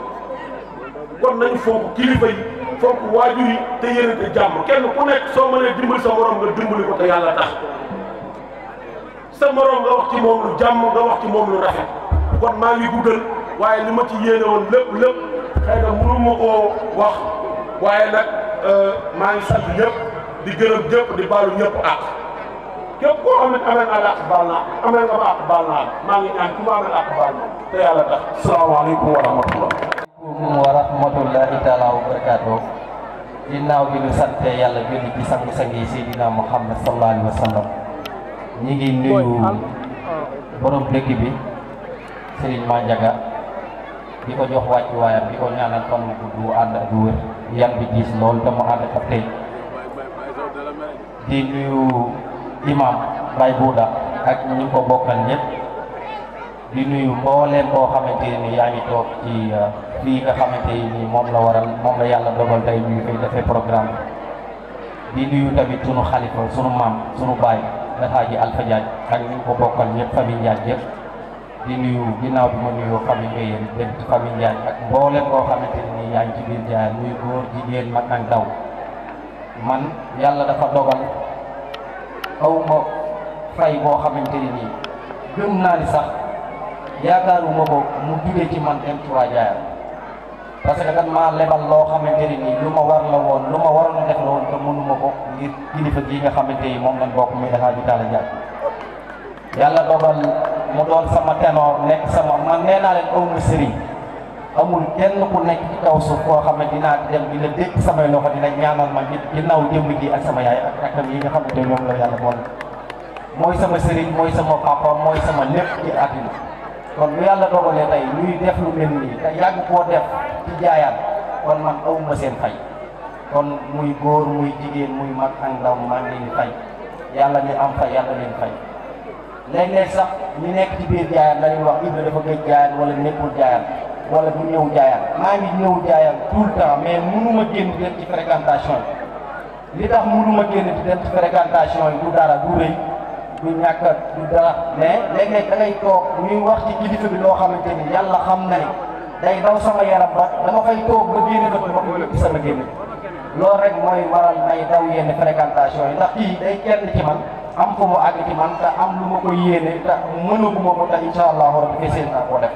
kon nañu fonk kilifa yi fonk waajur yi te yéenente jàmm kenn ku soo mënee dimbali sa morom nga dimbali ko te yàlla tax sa nga wax ci moom lu nga wax ci moom lu rafet kon maa ngi guddal waaye ni ma ci yéene woon lépp lépp xëy na mënu ma koo wax waaye nag euh, maa ngi ñëpp di gërëm ñëpp di baalu ñëpp àq. képp koo xam ne amee naa naa amee nga ma naa maa ngi ñaan ku ma amee naa te yàlla tax salaamaaleykum wa rahmatullah wa rahmatullahi taala wa barakaatu ginnaaw bi yàlla julli ci sang-sang Seydina Muhammad sallallahu alayhi wa sallam nuyu oh. borom dëkk bi Serigne Mandiaga di ko jox wàccu waayam di ko ñaanal fan du ànd ak wér yan bi gis loolu dama ànd ak di nuyu baay Baye da ak ñu ko bokkal ñëpp di nuyu mbooleem boo xamante ni yaa ngi toog ci euh, fii nga xamante ni moom la waral moom la yàlla dogal tey ñu koy defee programme di nuyu tamit sunu xalifa sunu maam sunu baay Alaaji Alfa ak ñu ko bokkal ñëpp famille Diagne yëpp di nuyu ginnaaw bi ma nuyoo famille Mbéyeen dem famille Diagne ak mbooleem boo xamante ni yaa ngi ci biir Diagne muy góor jigéen mag ak man yàlla dafa dogal. aw fay boo xamante nii gëm naa ni sax yaakaaruma ko mu jugee ci man dem Touba parce que kan maa lebal loo xamante ne nii lu ma war la woon lu ma waroon a def la woon te mënuma ko ngir kilifa gi nga xamante ni moom lañ bokk muy El Hadj Talla Ndiaye yàlla dogal mu doon sama ténor nekk sama man nee naa leen aw sëriñ amul kenn ku nekk ci kaw suuf koo xam ne dinaa dem dina dégg samay loxo dina ñaanal ma nit ginnaaw jëmm ji ak sama yaay ak rakam yi nga xam ne ñoom la yàlla boole mooy sama sëriñ mooy sama papa mooy sama lépp ci àddina kon lu yàlla dogalee tey ñuy def lu mel nii te yàgg koo def ci jaayaan kon man awuma seen fay kon muy góor muy jigéen muy mag ak ndaw maa ngi leen fay yàlla ni am fay yàlla leen fay léeg-léeg sax ñu nekk ci biir jaayaan dañuy wax Ibra dafa gëj jaayaan wala wala du ñëw jaayaan maa ngi ñëw jaayaan tout le temps mais mënuma génn di dem ci fréquentation yi li tax mënuma génn di ci fréquentation yi du dara du rëy du ñàkk du dara mais léeg-léeg da ngay toog ñuy wax ci kilifa loo xamante ni yàlla xam na ni day daw sama yaram ba dama fay toog ba génn sama génn loolu rek mooy waral may daw yenn fréquentation yi ndax kii day kenn ci man am fu mu àgg ci man te am lu ma ko yéene te mënaguma ko te incha allahu rabbi seen naa ko def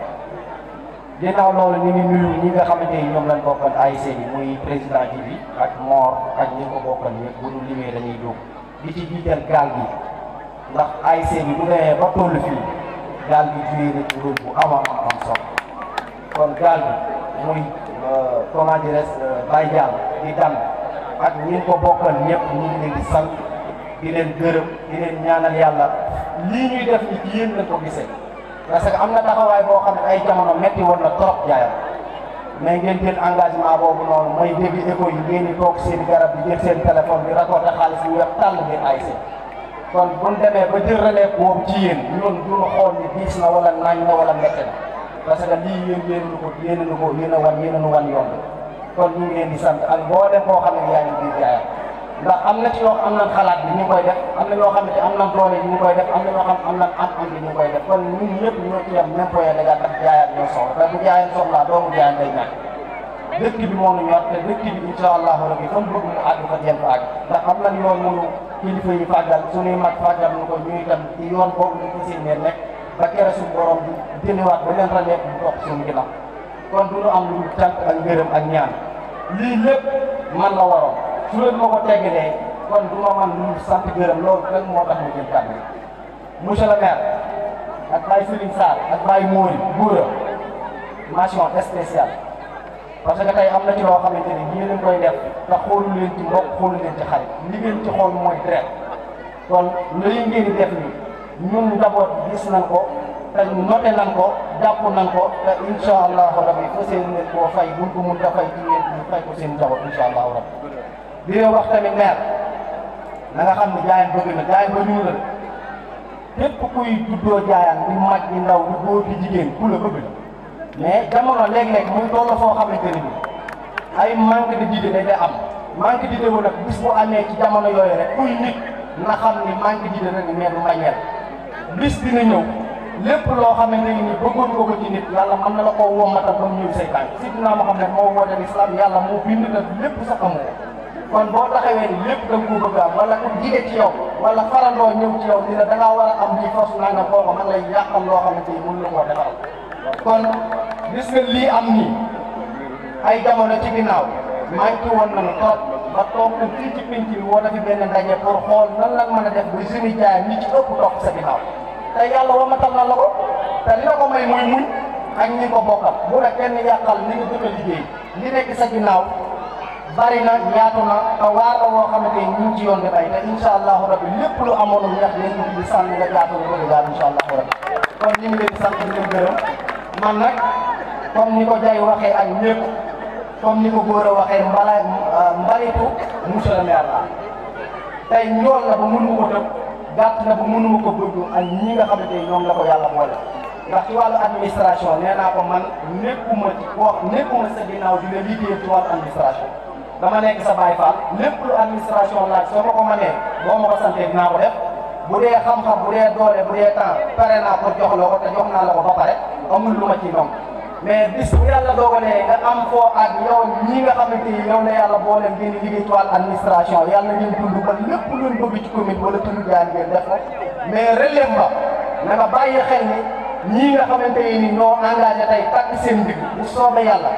ginnaaw loolu ñu ngi nuyu ñi nga xamante ni ñoom lañ bokkal ASC bi muy président ji bi ak Mor ak ñi ko bokkal ñëpp bu ci gaal gi ndax ASC bi bu demee ba toll fii gaal bu am am am solo kon gaal gi muy euh, comment dirais-je euh, Baye di dal ak ñi ko bokkal ñëpp ñu ngi leen di sant di leen gërëm di ñaanal yàlla lii ñuy def ni yéen la ko gisee. parce que am na taxawaay boo xam ne ay jamono metti woon na trop jaayam mais ngeen jël engagement boobu noonu mooy dégg écho yi ngeen di toog seen garab di jël seen téléphone bi raccordé xaalis yu weex tàll ngeen ay seen kon bu ñu demee ba jël relais boobu ci yéen ñun du xool ni diis na wala nañ na wala métti na parce que lii yéen yéen ñu ko yéen a ñu ko yéen wan yéen a yoon kon ñu ngi leen di sant ak boo dem boo xam ne yaa ngi biir jaayam ndax am na ci yoo am nañ xalaat bi ñu koy def am na ñoo xam ne ci am nañ doole bi ñu koy def am na ñoo xam am nañ am-am bi ñu koy def kon ñun ñëpp ñoo ci yem même point de gàtt ak jaayaat ñoo soxla te bu jaayeen soxlaa doomu jaayeen day ñàkk dëkk bi moo ñu ñor te dëkk bi incha allahu rabi comme bëgg mu àgg ko jéem ko àgg ndax am nañ yoon mënu kilifa yi fàggal suñuy mag fàggal ñu ko ñuy tam ci yoon boobu ñu ko seen leen nekk ba kere suñu borom bi jëliwaat ba leen raneet bu dox suñu ginnaaw kon du ñu am lu cant ak ngërëm ak ñaan lii lépp man la waroon su leen ma ko teggalee kon du ma man lu sant gërëm loolu rek moo tax ñu jël kàddu monsieur le maire ak Baye Serigne Sarr ak Baye Mori Goura mention spéciale parce que tey am na ci loo xamante ni ñii leen koy def te xoolu leen ci mbokk xoolu xool mooy deret kon luy ngeen di def ni ñun d'abord gis nañ ko te noté nañ ko jàpp nañ ko te incha allahu rabi fa seen ko fay buñ ko mun a fay ci ngeen fay ko seen njaboot incha allahu rabi li wax tamit maire na nga xam ne jaayaan bëgg na jaayaan ba ñuul la képp kuy juddoo jaayaan di mag di ndaw di góor di jigéen ku la bëgg la mais jamono léeg-léeg muy toll foo xamante ne nii ay manque de diide am manque de diide boobu nag bis amee ci jamono yooyu rek kuy nit na xam ni manque de diide nag mais du mbañeel bi dina ñëw lépp loo xamante ni bëggoon ko ko ci nit yàlla mën na la koo wommatal ba mu ñëw say tànk si dinaa xam ne moo woote l'islam yàlla kon boo taxawee lépp da nga ko bëgg am wala ku jige ci yow wala farandoo ñëw ci yow ni la war a am lii fas naa nga kooku man lay yàqal loo xamante ni mënu la koo defaral kon gis lii am nii ay jamono ci ginnaaw manqué woon nañu trop toog ko fii ci penc bi woo fi benn ndaje pour xool nan lañ mën a def ba suñu jaay ñi ci ëpp toog sa ginnaaw te yàlla wamatal na la ko te li la ko may muy muñ ak ñi ko bokkal bu la kenn yàqal ni nga jot a bari na yaatu na te waar la woo xamante ni ñu ngi ci yoon bi tey te incha allahu rabi lépp lu amoon lu ñax leen ñu ngi leen di sant di leen gërëm man nag comme ni ko Ndiaye waxee ak ñëpp comme ni ko góor a waxee mbala euh, mbalitu monsieur le maire tey ñool na ba mënu ko tëb gàtt na ba mënu ko bëgg ak ñi nga xamante ni ñoom la ko yàlla boole ndax ci wàllu administration nee naa ko man nekkuma ci wax nekkuma sa ginnaaw di la liggéey ci wàllu administration. dama nekk sa baay faal lépp lu administration laaj soo ma ko mënee ma ko santee dinaa ko def bu dee xam-xam bu dee doole bu dee temps pare naa ko jox loo ko te jox naa la ko ba pare amul lu ma ciy ñoom mais bis bu yàlla doogalee nga am foo ak yow ñi nga xamante ni ñoom la yàlla boole ngeen liggéey ci wàllu administration yàlla ñuy dund ba lépp luñ bëgg ci commune wala tund jaan ngeen def ko mais relève ba na nga bàyyi xel ni ñii nga xamante ni ñoo engagé seen ndig bu soobee yàlla.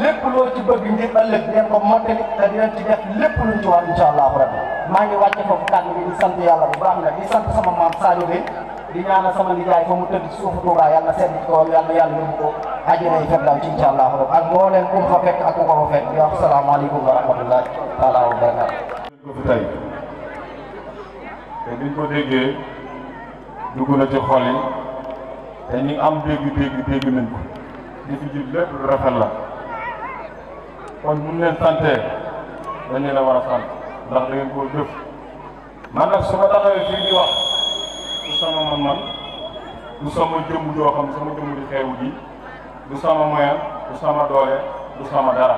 lépp loo ci bëgg ngir ëllëg ngeen ko mottali te dinañ ci def lépp luñ ci war incha allahu rabbi maa ngi wàcce foofu kàddu bi sant yàlla bu baax la di sant sama maam Sadio Gueye di ñaanal sama nijaay fa mu tëdd suufu Touba yàlla seen ci ko yàlla yàlla yóbbu ko àjjana yi fekk ci incha allahu rabbi ak moo leen ku fa fekk ak ku ko fa fekk di wax salaamaaleykum wa rahmatulah taala wa barakaatu. ko fi tey te biñ ko déggee dugg na ci xol yi te ñi am dégg dégg dégg li fi ji lépp rafet la. kon bu ñu leen santee dañ leen a war a sant ndax da ngeen koo jëf man nag su ma taxawee fii di wax du sama man man du sama jëmm joo xam sama jëmm di du sama moyen du sama doole du sama dara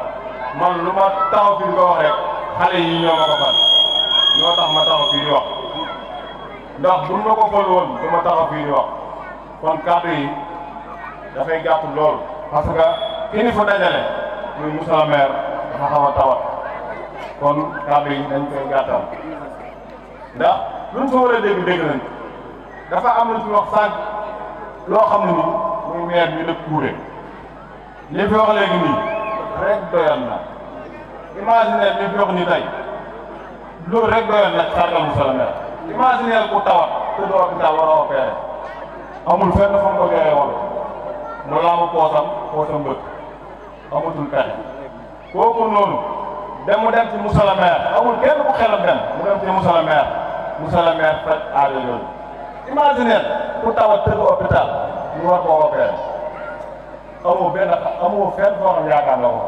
man lu ma taxaw fii di ko wax rek xale yi ñoo ma tax ma taxaw fii di wax ndax buñ ma ko fal woon du ma taxaw fii wax kon kàddu yi dafay gàtt lool parce que kii ni fa muy Moussa maire dafa xaw a tawat kon kàddu yi dañ koy gàttal ndax luñ ko war a dégg dégg dafa am lu wax sànq loo xam ne nii muy maire bi dëkk Touré li fi wax léegi nii rek doyal na imaginer li fi wax ni tey loolu rek doyal na sargal Moussa le maire imaginer ku tawat te doo hôpital war a opéré amul fenn fa mu ko joxee woon mu laamu poosam poosam amatul pexe kooku noonu dem mu dem ci musala maire amul kenn ku xelam dem mu dem ci musala maire musala maire faj aajo yooyu imaginer ku tawat tëdd hôpital ñu war koo opéré amoo benn amoo fenn foo xam yaakaar nga ko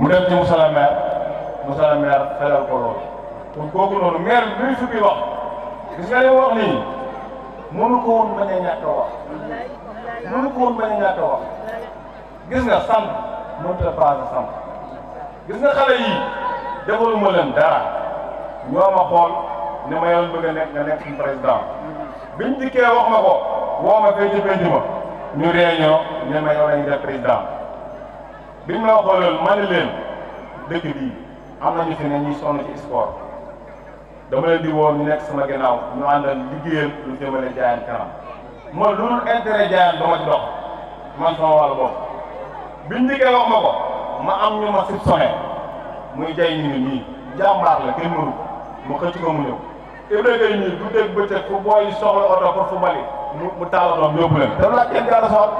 mu dem ci musala maire musala maire fayal ko loolu kon kooku noonu maire bi luy fukki wax gis nga li wax nii mënu ko woon bañ a ñàkk a wax mënu ko woon bañ a ñàkk a wax gis nga sàmm mënut a passé sàmm gis nga xale yii defaluma leen dara ñoo ma xool ne ma yoon bëgg a nekk nga nekk président biñ dikkee wax ma ko woo ma fee ci ñu réunion ne ma yow lañu def président biñ ma waxoo loolu ma leen dëkk bii am nañu fi ne ñuy sonn ci sport dama leen di woo nekk sama ginnaaw ñu àndal liggéeyal lu jëmale jaayam kanam ma loolu intérêt jaayam dama ci dox man sama wàllu bopp biñ dikkee wax ma ko ma am ñu ma si sone muy jay ñu nii jàmbaar la kenn mënu ma xëcc ko mu ñëw Ibra Gueye ñii du dégg bëccëg fu booy soxla oto pour fu bali mu mu taalatoom yóbbu leen daf laa kenn gaara soxla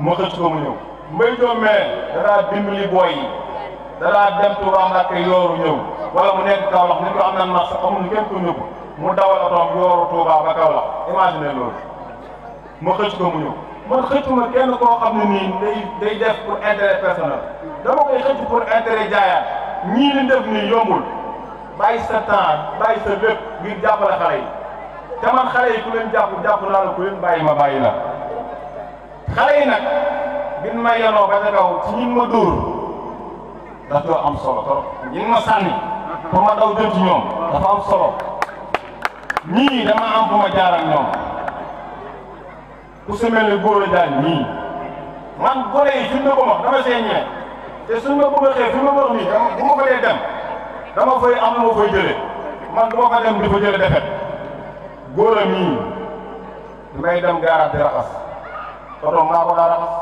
ma xëcc ko mu ñëw mbay doom mee danaa dimbali booy yi dem Touba Mbacke yooru ñëw wala mu nekk Kaolack ni ko am nan marché amuñu kenn ko ñëbbu mu dawal otoom yooru Touba ba Kaolack imagine loolu ma xëcc ko mu ñëw man xëccuma kenn koo xam ne nii day day def pour intérêt personnel dama koy xëcc pour intérêt jaayaat ñii li def nii yombul bàyyi sa temps bàyyi sa lépp ngir jàppale xale ku leen jàpp jàpp naa ku leen bàyyi ma bàyyi la xale yi nag bin ma yenoo ba ca kaw ci ñin ma dóor daf am solo trop ñin dafa am solo ñii dama am fu ma jaar ñoom ku si mel góor a daan nii man gone yi suñ ma ko wax dama see ñee te suñ ma ko waxee fi ma wax dama bu ma defet góor a mii damay dem gaaraat di raxas oto maa ko daa raxas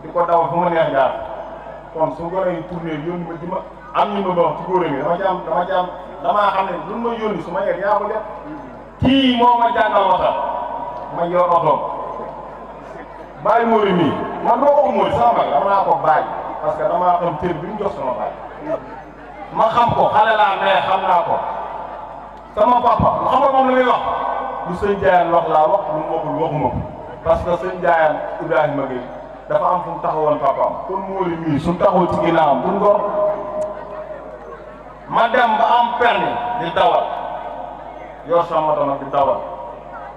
di ko daw fu ma neex jaar kon su gone yi tourné yónni am ñu ma ba wax ci a mii dama ci am dama ci am damaa xam ne lu ma su ma yegg yaa ko def kii moo ma jàngal waxtaan ma yor otoom bàyyi Mori mii man boo ko Mori dama naa ko bàyyi parce que damaa xam cër bi mu jox sama bàyyi ma xam ko xale laa nee xam naa ko sama papa lu xam nga moom la muy wax lu sëñ Jaayaan wax laa wax lu mu waxul waxuma ko sëñ Jaayaan Ibrahima Gueye dafa am fu mu taxawoon papaam kon Mori mii su mu taxawul ci ginnaawam duñ gor ma dem ba am permis di dawal yor sama moto di dawal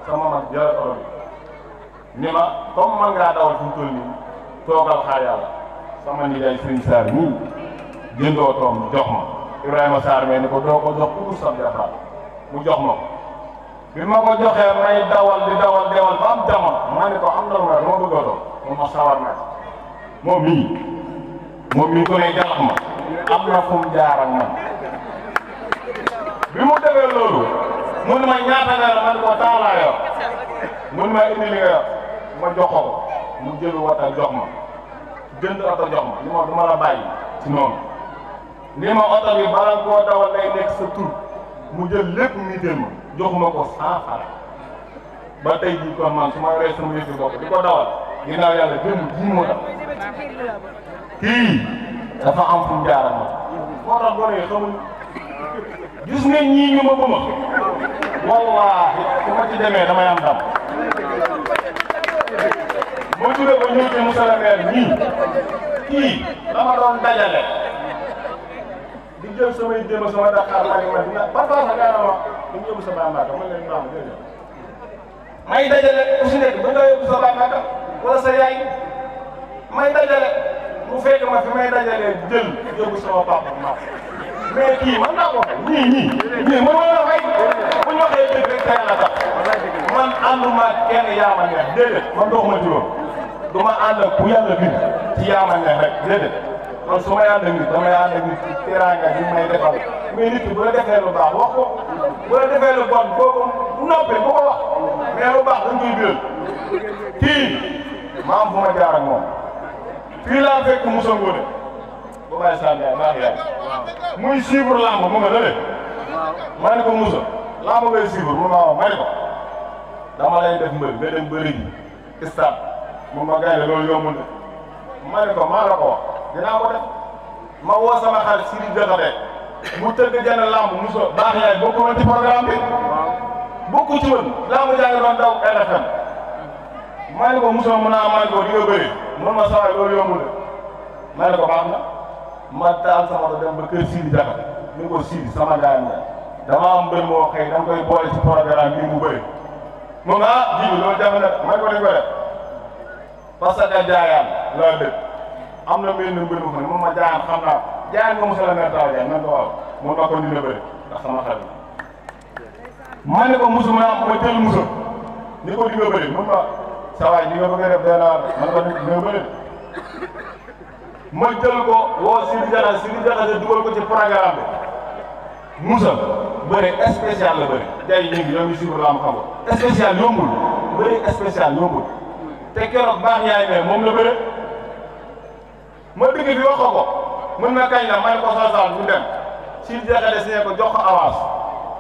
sama mag jëlee oto ni ma. comme man ngaa dawal fu mu toll nii toogal xaar yàlla sama nijaay Serigne Sarr ñii jëndoo toom jox ma Ibrahima Sarr mais ni ko doo ko jox pour sab mu jox ma bi ma ko joxee may dawal di dawal dewal ba am ma ne ko am na ma ma bëgg a doon moom ma sawar na ci mii moom mii ko ne jalax ma am na fu jaar ak man bi mu déggee loolu mun ma ñaata nga man ko taalaa yor mun ma indi li nga ma joxoo mu jël wata jox ma jënd oto jox ma li ma du ma la bàyyi ci noonu li ma oto bi bala koo dawal lay nekk sa tur mu jël lépp mu jël ma ko sans ba tey jii kon man su ma yoree sama yëfi bopp di ko dawal ginnaaw yàlla jëmm jii ma moo ma bëma su ma ci demee damay am ndam ma tuddee ko ñëw ci monsieur le nii kii dama doon dajale di jël samay démb sama Dakar maa ngi ma ba tax a gàllankoor wax dañu yóbbu sa bàmbaaka man leen baax may dajale ku si nekk bu nga sa bàmbaaka wala sa yaay may dajale bu fekk ma fi may dajale jël yóbbu sama papa ma mais kii man naa ko nii nii nii man ma la fay bu ñu waxee dëgg rek tey la tax man ànduma kenn yaa ma neex déedéet man doxuma juróom du ma ànd ak ku yàlla bind ci rek déedéet kon su may ànd ak nit damay ànd ak nit ci teraanga bi may defal mais nit bu la defee lu baax wax ko bu la defee lu bon kooku bu noppee bu ko wax mais lu baax dañ koy biral kii ma am fu ma jaar ak moom fii maa fekk Moussa Ngode ba bàyyi muy suivre lamb mu nga lële ma ne ko Moussa lamb ngay suivre mu ma wax ma ne ko dama lay def mbër nga dem bëri ji moom ma gaynde loolu yomb na ma ne ko maa la ko wax dinaa ko def ma woo sama xarit Siri Jaxate mu tëgg jenn lamb mu so baax yaay bokku woon ci programme bi bokku ci woon lamb jaa ngi doon daw RFM ma ne ko Moussa mu naa ma ne ko di nga bëri mun ma sawaay loolu yomb na ma ne ko baax na ma taal sama do dem ba kër Siri Jaxate ni ko Siri sama gaay la dama am mbër moo xëy dama koy boole ci programme bii mu bëri moom ah jiw loolu jafe na ma ne ko dañ ko def parce que jaayaan laa dëkk am na benn mbir mu ne mun ma jaayaan xam naa jaayaan nga mosala mer taw jaay nan ko waaw mun ma ko dina bëri ndax sama xarit ma ne ko musu ma ni ko dina bëri mun ma sa waay ji nga bëgg a def ma jël ko woo Sidi Diakha Sidi sa dugal ko ci programme bi musa bëri spécial la bëri jaay ñu ngi ñoom ñu suivre la am xam ko spécial yombul bëri spécial yombul te keroog baax yaay mee moom la bëre ma dëgg bi wax ko ma kañ la may ko saasaan bu dem si jeexale si ko jox ko avance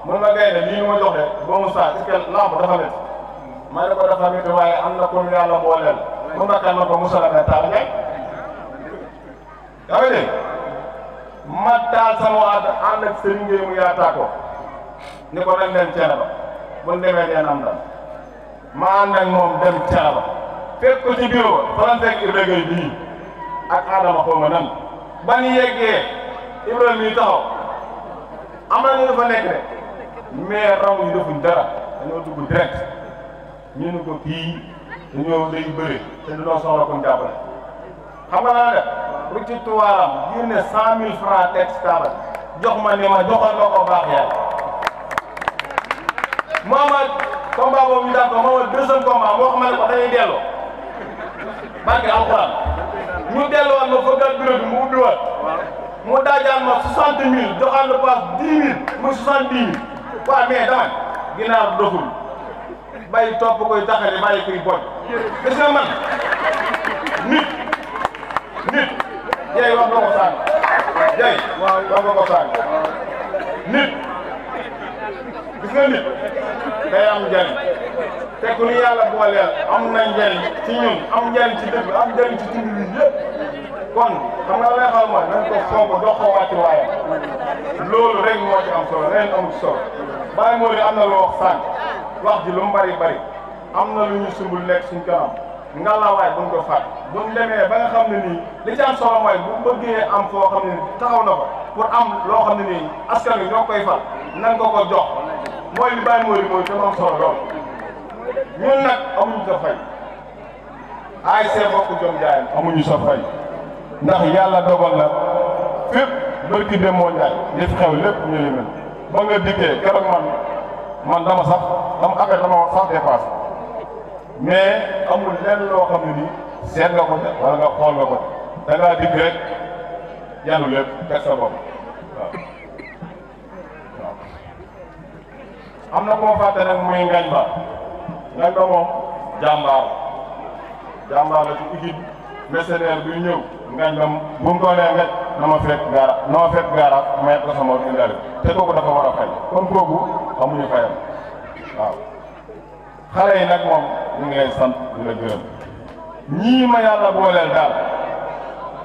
mun ma gay ne lii ma jox de mu saa est-ce que dafa métti may ne ko dafa métti waaye am na comme yàlla mbooleel mun ma kañ la ko Moussa Lamine Tall Ndiaye. yaa ngi dégg ma taal sama ànd ànd ak Serigne Gueye mu yaataa ko ni ko nañ dem Thiénaba bu ñu demee deen am ndam ma ànd ak moom dem Thiénaba. fekk ko ci bureau ba fa la fekk Ibrahima Gueye ak Adama xaw ma ba ñu yeggee Ibrahima yi taxaw am na ñu dafa nekk rek mais rangu yi defuñ dara dañoo dugg direct ñu ne ko kii dañoo day bëri te dañoo soxla ko jàppale xam nga naa def bu ci tuwaaram génne cent mille francs teg ci jox ma ne ma joxoon ma ko baax yàlla Mohamed combat boobu ñu daan ko Mohamed deuxième combat moo xam ne ko dañuy delloo barke alxuraan ñu delluwaat ma fëggaat bureau mu ubbiwaat mu daajaan ma soixante mille joxaan la paas dix mille muy soixante dix mille waaw mais dama ginnaaw doxul bàyyi topp koy taxale bàyyi koy boj gis nga man nit nit yey wax nga ko sànq yey wax nga nit gis nga nit day am te ku ñu yàlla booleel am nañ njëriñ ci ñun am njëriñ ci dëkk am njëriñ ci tund bi yëpp kon xam nga lay xamal mooy nañ ko soog a dox ko wàcc waaye loolu am solo leneen amul am na lu wax wax ji lu mu bari bari am na lu ñu sumbul nekk suñ kanam ngallaawaay buñ ko fàtt buñ demee ba nga xam ne nii li ci am solo mooy bu bëggee am foo xam ne taxaw na ko pour am loo xam ne nii askan wi ñoo koy fal nañ ko ko jox mooy li bàyyi moo di mooy ñun nag amuñu sa fay ay see bokk jom jaayam amuñu sa fay ndax yàlla dogal na fépp bërki dem moo njaay li xew lépp ñu limal ba nga dikkee keroog man man dama sax dama affaire dama wax sax dépassé mais amul lenn loo xam ne nii seet nga ko def wala nga xool nga ko da ngaa dikk rek yàllu lépp teg sa waaw am na ko ma fàtte nag muy ngañ ba nag ba moom jàmbaar jàmbaar la ci équipe mercenaire bi ñëw ngañ ba bu mu met na ma fekk gaara na ma fekk gaara ma yet ko sama indaale te kooku dafa war a fay comme kooku amuñu fayam waaw xale yi nag moom ñu ngi sant di la gërëm ñii ma yàlla booleel daal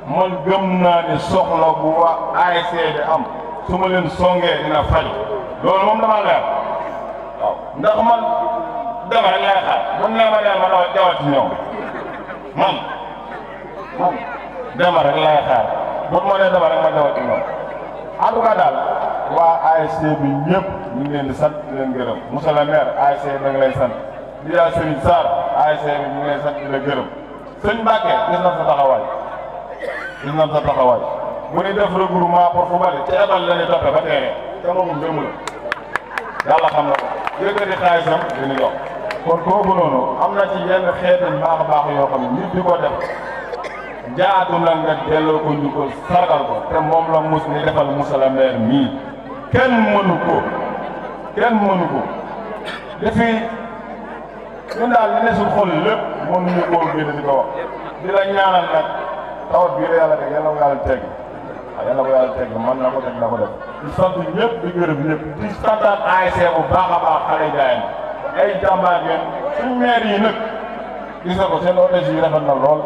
man gëm naa ne soxla bu waa ASC di am su ma leen songee dina faj loolu moom dama leer waaw ndax man dama rek laay xaar moom laa ma ne ma ne jawaat ñoom man man dama rek laay xaar bu ma nee dama rek ma jawaat ñoom en tout cas daal waa ASC bi ñëpp ñu ngi leen di sant di leen gërëm monsieur le maire ASC bi ngi lay sant di daal Serigne Sarr ASC bi ñu ngi lay sant di la sat sëñ Mbacke gis na sa taxawaay gis na sa taxawaay mu ne def regroupement pour fu bari ci école la ba teere te moom jëmm la yàlla xam na ko yëkkati xaalisam dina jox kon kooku noonu am na ci yenn xeetu baax a baax yoo xam ne nit ko def jaatu na nga delloo ko ko sargal ko te moom la mus ni defal Moussa la maire mii kenn mënu ko kenn mënu ko defi ñun daal li ne suñ xol lépp mënuñu koo bind di ko wax di la ñaanal nag tawat bii la yàlla teg yàlla ko yàlla teg waaw man na ko teg na ko def di sant ñëpp di gërëm ñëpp di santaat ASC e bu baax xale jaay ay jàmbaar ngeen suñ yi nag gis na ko seen yi rafet na lool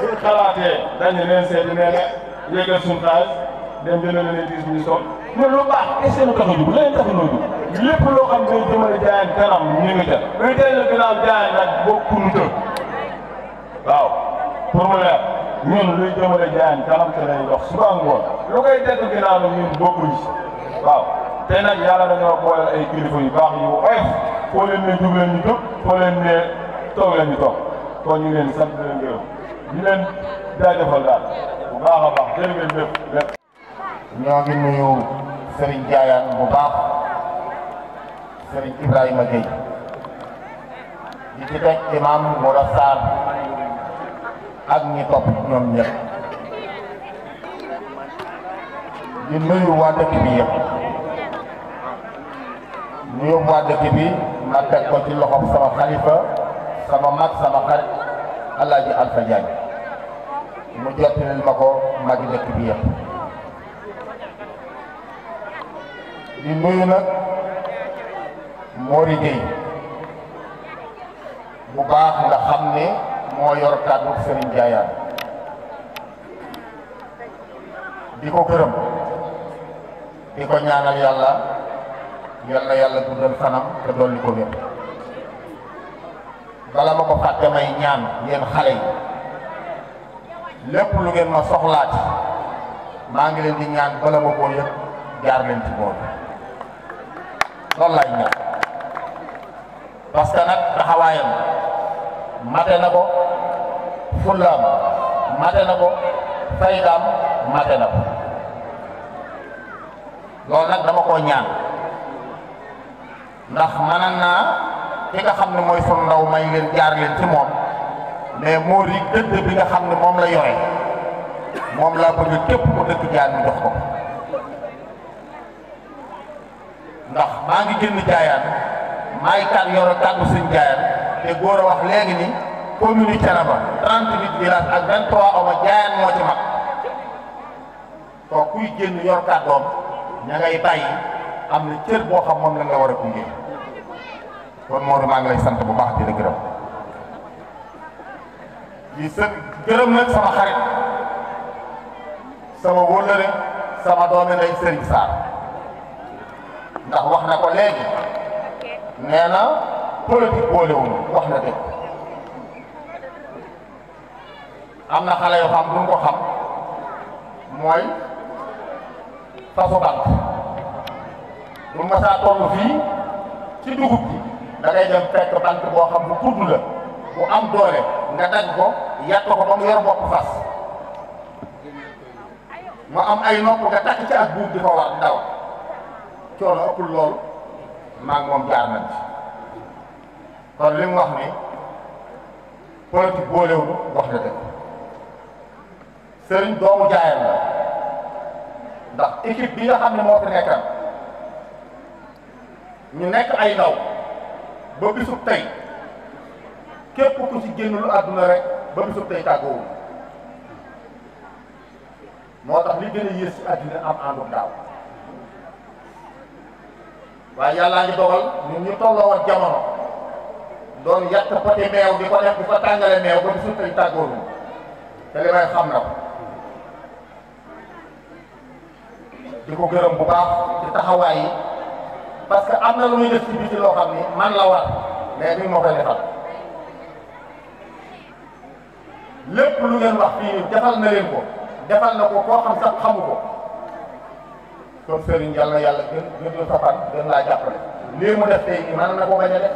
buñ xalaatee dañu leen seeti nee na yëgal suñu xaalis dem jëndal leen dix mille sols baax kese la tax a jug leneen a jug loo xam ne jëmale jaayaan kanam ñu ngi ca mais tey la jaayaan nag bokkul të waaw pour mu leer ñun luy jëmale jaayaan kanam te lay lu koy tegu ginnaaw nag waaw. te nag yàlla dañoo boole ay kilifa yu baax yu oyof leen ne jub leen ñu jub leen ne toog leen ñu toog kon ñu leen sant leen gërëm ñu leen jaajëfal daal bu baax a baax jërë ngeen jëf def ñoo ngi nuyu Serigne Diayane bu baax Serigne Ibrahima Gueye di ci teg imam Moura ak ñi topp ñoom ñëpp di nuyu waa dëkk ñu yóbbu waa dëkk bi ma teg ko ci loxoom sama xalifa sama mag sama xarit Alaaji Alfa Jaañ mu jottalil ma ko magi dëkk bi yëpp di nuyu nag Mori Gueye bu baax nga xam ne moo yor kàddu Serigne Ndiayane di ko gërëm di ko ñaanal yàlla yal na yàlla guddal fanam te dolli ko wér bala ma ko fàtte may ñaan yéen xale yi lépp lu ngeen ma soxlaati maa ngi leen di ñaan bala ma koo yëg jaar leen ci boobu loolu laay ñaan nag taxawaayam mate na ko fullaam mate na ko faydaam mate na ko loolu nag dama koo ñaan ndax mënoon naa ki nga xam ne mooy sunu ndaw may leen jaar leen ci moom mais moo ri dëgg bi nga xam ne moom la yore moom laa bëgg képp ku dëkk jaar mi ko ndax maa ngi génn jaayaan maay kan yoro kàddu suñ jaayaan te góor a wax léegi ni commune Thiénaba 38 villages ak 23 oma jaayaan moo ci mag koo kuy génn yor kàddoom ña ngay bàyyi am na cër boo xam moom lañ la war a gunge kon Modou maa ngi lay sant bu baax di la gërëm di sën gërëm nag sama xarit sama wóllëre sama doomi ndey Serigne Sarr ndax wax na ko léegi nee na politique boolewul wax na dëgg am na xale yoo xam duñ ko xam mooy fasu bant bu masaa toll fii ci dugub bi da dem fekk banque boo xam bu gudd la bu am doole nga dagg ko yàq ko ba mu yor bopp fas mu am ay nopp nga takk ci ak buub di fa war ndaw coono ëppul loolu maa ngi jaar nañ ci kon li wax ni politique boolewul wax na dëgg sëriñ doomu jaayam la ndax équipe bi nga xam ne moo fi nekkal ñu nekk ay ndaw ba tey képp ku ci génn lu àdduna rek ba bisub tey tàggoowul moo tax li gën a ci àddina am àndum daaw waaye yàllaa ngi dogal ñun ñu tolloo woon jamono doon yàq pate meew di ko def meew ba tey tàggoowul te li may xam na ko di ko gërëm bu baax taxawaay yi parce que am na lu muy def ci biti loo xam ni man la war mais bi ma koy defal lépp lu ngeen wax fii defal na leen ko defal na ko koo xam sax xamu ko kon Serigne yàlla yàlla gën gën la safar gën laa jàppale lii mu def tey nii na ko bañ def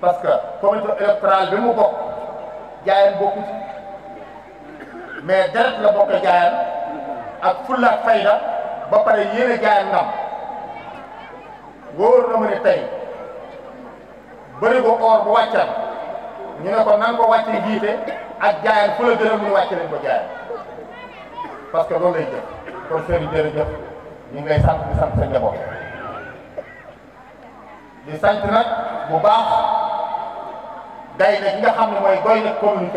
parce que comité électoral bi mu bokk jaayeen bokku ci deret la bokk jaayeen ak fulla ak fayda ba yéene jaayeen ndam wóor na ma ne tey bëri ko or bu wàccan ñu ne ko nan ko wàccee jiite ak jaayam fu la gën a mun wàcce leen ko jaayam parce que loolu lay jëf kon sëriñ jërëjëf ñu ngi sant di sant sa njaboot di sant nag bu baax gaynde gi nga xam ne mooy gaynde commune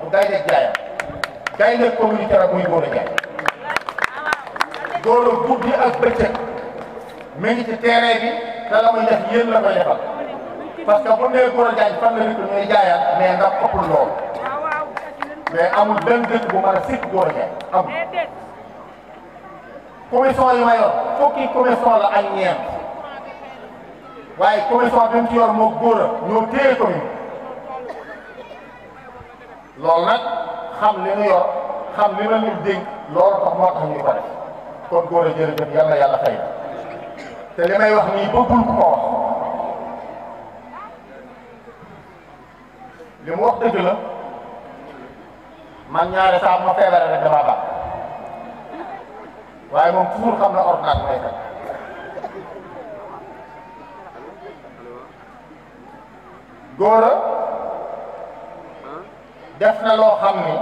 bu gaynde jaayam gaynde commune muy góor a jaay góor a guddi ak bëccëg mi ngi ci terrain bi te la muy yéen la koy defal parce que bu ñu nee Gora Diagne nit ñuy jaayaat mais ndax ëppul loolu mais amul benn dëkk bu mën a sikk Gora Diagne ma yor fukki commission la ak ñeent waaye commission bi mu ci moo góor a ñoo téye commune nag xam li ñu yor xam li la ñu dénk loolu tax moo tax ñu kon góor a jërëjëf yàlla yàlla te li may wax nii bëggul ku ko wax li mu wax dëgg la man ñaari saa ma feebare rek damaa waaye moom toujours xam na ordonnance may faj góora def na loo xam ni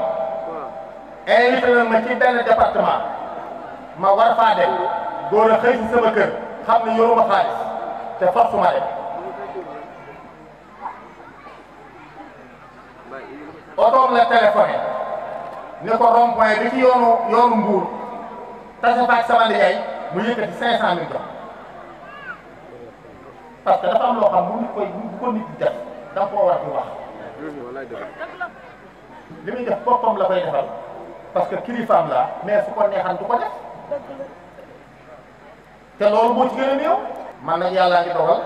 invité na ma ci benn département ma war faa dem góora xëy si sama kër xam ne xaalis te forcément otoom la téléphoné ne ko rond bi ci yoonu yoonu Mbour tase fa ak sama nijaay mu yëkkati cinq cent mille jox parce que dafa loo xam bu koy bu ko nit di def da nga koo war di wax li la koy defal parce que kilifaam la mais su ko neexan du ko def te loolu moo ci gën a man nag yàllaa ngi dogal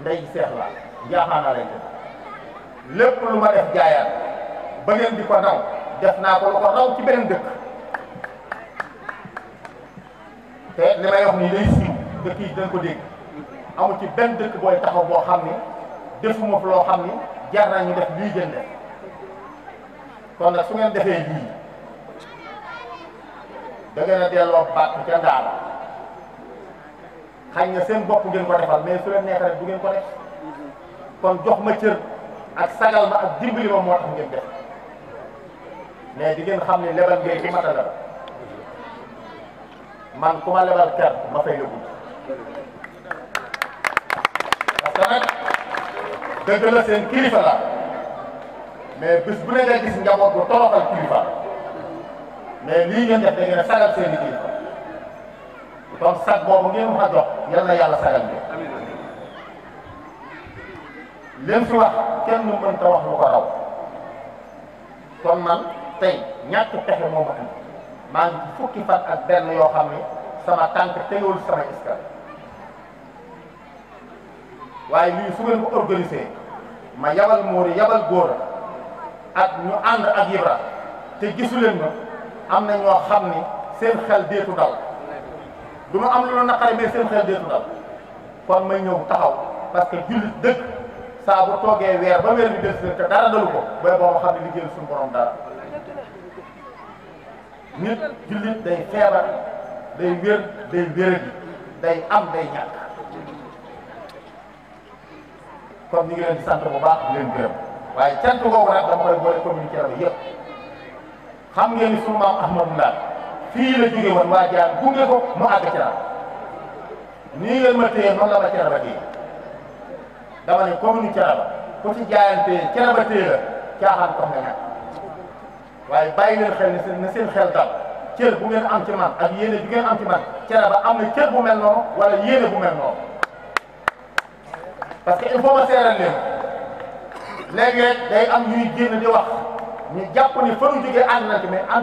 ndey seex laa njaaxaana lépp lu ma def jaayaat ba ngeen di ko naw def naa ko lu ko ci beneen dëkk te li may wax nii day siiw dëkk yi dañ ko dégg ci benn dëkk booy taxaw boo xam ni defuma fi loo xam ni jar naa def lii gën def kon nag su ngeen defee lii da ngeen a delloo baat xëy na seen bopp ngeen ko defal mais su leen neexee rek ko def kon jox ma cër ak sagal ma ak dimbali ma moo tax ngeen def mais di ngeen xam ne lebal ngay du mata man ku ma lebal kër ma fay yóbbu parce que nag dëgg la seen kilifa la mais bis bu ne nga gis njaboot bu toroxal kilifa mais lii ngeen def da ngeen sagal seen i donc sag boobu ngeen wax jox yal na yàlla sagal bi leen fi wax kenn mënta wax lu ko raw kon man tey ñàkk pexe moo ma maa ngi fukki ak benn yoo xam ne sama tànk teewul sama iskal waaye lii su ngeen ko organisé ma yabal moori yabal góor ak ñu ànd ak Ibra te gisuleen ma am na ñoo xam ni seen xel deetu daw du ma am lu la naqare mais seen xel deetu dal kon may ñëw taxaw parce que jullit dëkk saa bu weer ba weer bi des te dara dalu ko booy boo ma xam ne liggéeyal suñu borom dara nit jullit day feebar day wér day wéradi day am day ñàkk kon ñu sant bu baax di leen gërëm waaye cant googu nag dama koy boole communiqué bi yëpp xam ngeen sunu maam Ahmadou Ndao fii la jóge woon waa jaan gunge ko mu àgg ci naan nii ngeen ma téye noonu la ma cere ba téye dama ne comme ni cere ba ku ci jaayantee cere ba téye la caaxaan tax nga ñàkk waaye bàyyi leen xel ne seen xel dal cër bu ngeen am ci man ak yéene bu ngeen am ci man cere ba am na cër bu mel noonu wala yéene bu mel noonu parce que il faut ma seeral leen léegi rek day am ñuy génn di wax ñu jàpp ne fa nu jógee ànd na ci mais ca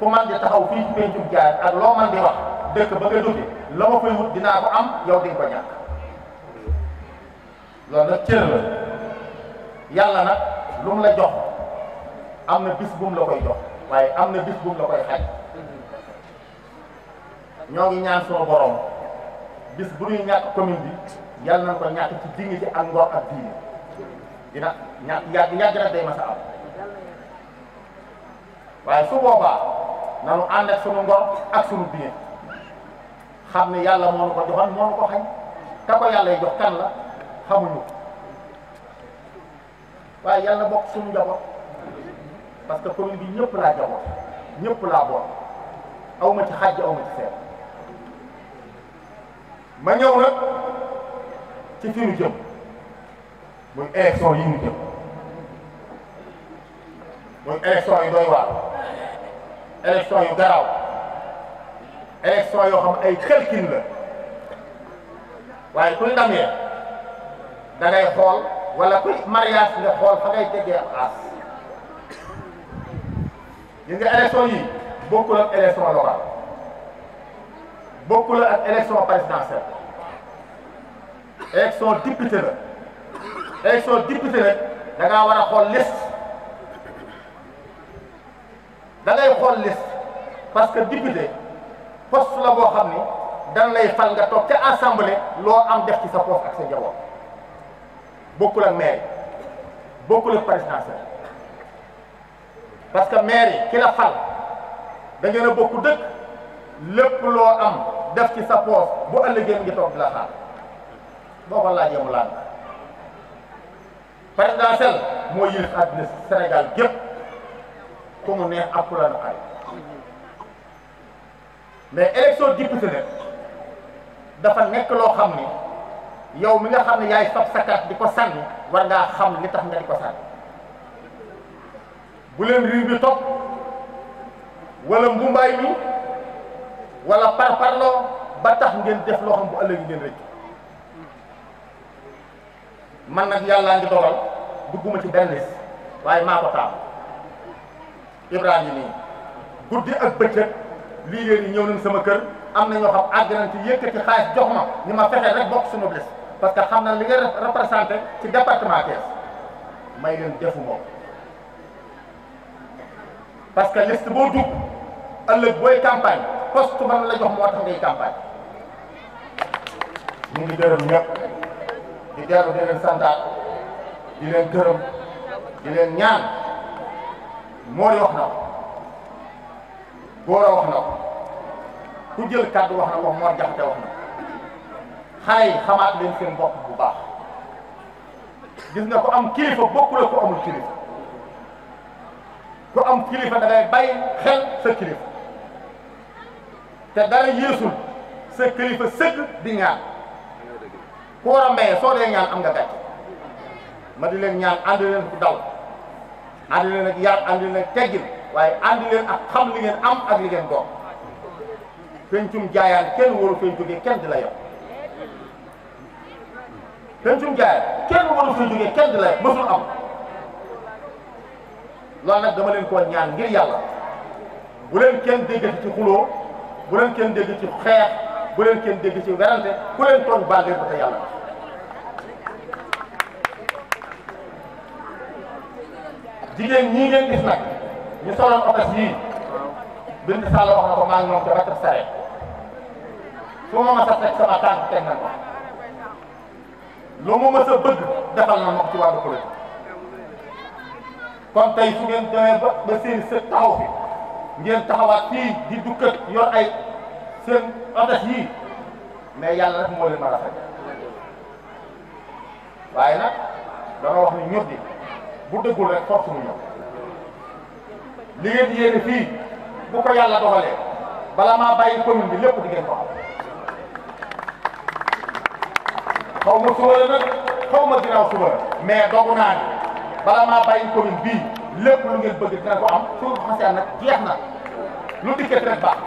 ku man di taxaw fii ci pencum jaay ak loo man di wax dëkk ba nga jóge la ma koy wut dinaa ko am yow di nga ko ñàkk loolu nag cër la yàlla nag lu mu la jox am na bis bu mu la koy jox waaye am na bis bu mu la koy xaj ñoo ngi ñaan suma borom bis bu ñuy ñàkk commune bi yàlla nañ ko ñàkk ci dignité ak ngor ak diine dina ñàkk yàgg yàgg nag day mas am waaye su boobaa nanu ànd ak sunu ngor ak sunu bien xam ne yàlla moo ko joxoon moo ko xañ te ko yàlla jox kan la xamuñu waaye yàlla bokk sunu njaboot parce que commune bi ñëpp laa jaboot ñëpp laa boot aw ci xàjj aw ma ci seet ma ñëw nag ci fi jëm muy élection yi ñu jëm muy élection yi doy waar élection yu garaaw élection yoo xam ay calcul la waaye kuy damee da ngay xool wala kuy mariage nga xool fa ngay tegee am as yi nga élection yi bokkul ak élection locale bokkul ak élection présidentielle élection député la élection député rek da ngaa war a xool liste da ngay xool parce que député poste la boo xam ni dan lay fal nga toog ca assemblée loo am def ci sa poste ak sa njaboot bokkul ak maire bokkul ak présidentiel parce que maire yi ki la fal da a bokk dëkk lépp loo am def ci sa poste bu ëllëgee ngi toog di la xaar boo ko laajee mu laaj présidentiel moo yilif àddina Sénégal gépp ku mu neex ak ku la naqari mais élection député nag dafa nekk loo xam ni yow mi nga xam ne yaay fab sa di ko sànni war ngaa xam li tax nga di ko sànni bu leen riir bi topp wala mbumbaay mi wala parparloo ba tax ngeen def loo xam bu ëllëg ngeen rëcc man nag yàllaa ngi dogal dugguma ci benn waaye maa ko Ibrahima yi guddi ak bëccëg liggéey yi ñëw nañ sama kër am na xam àgg nañ ci yëkkati xaalis jox ma ñu ma fexe rek bokk suñu bés parce que xam na li nga représenté ci département Thiès may leen defu parce que liste boo dugg ëllëg booy campagne poste man la jox moo tax ngay campagne ñu ngi gërëm ñëpp di dellu di leen santaat di leen gërëm di leen ñaan moo di wax na ko góor ku jël kàddu wax na ko Mor Jaxate wax na ko xale xamaat leen seen bopp bu baax gis nga ko am kilifa bokkul ko amul kilifa ku am kilifa da ngay bàyyi xel sa te dara yéesul sa kilifa di ñaan ku war soo dee ñaan am nga gàcce ma di leen ñaan ànd leen ku dal ànd leen ak yar ànd ak teggin waaye ànd leen ak xam li ngeen am ak li ngeen doon pencum jaayaan kenn waru fay jógee kenn di la yab pencum jaayaan kenn waru fay jógee kenn di la mësul am loolu nag dama leen koo ñaan ngir yàlla bu leen kenn dégg ci xuloo bu leen kenn dégg ci xeex bu leen kenn dégg ci werante ku leen tooñ baal leen ko yàlla jigéen ñii ngeen gis nag ñu soloon otos yii bind Sall wax na ko maa ngi ñoom ca ma mës a teg sama tànk teg na ko lu mu mës a bëgg defal na ko ci wàllu politique kon tey su ngeen demee ba ba seen sët taxaw fi ngeen taxawaat fii di dukkat yor ay seen otos yii mais yàlla rek moo leen mën waaye nag dama wax ni ñëpp di. bu dëggul rek force mu ñëw li yéene fii bu ko yàlla doxalee bala maa bàyyi commune bi lépp di ngeen ko xam xaw ma suba la nag ma ginnaaw suba la dogu naa bala maa bàyyi commune bii lépp lu ngeen bëgg dina ko am suuf xasee nag jeex na lu dikkee rek baax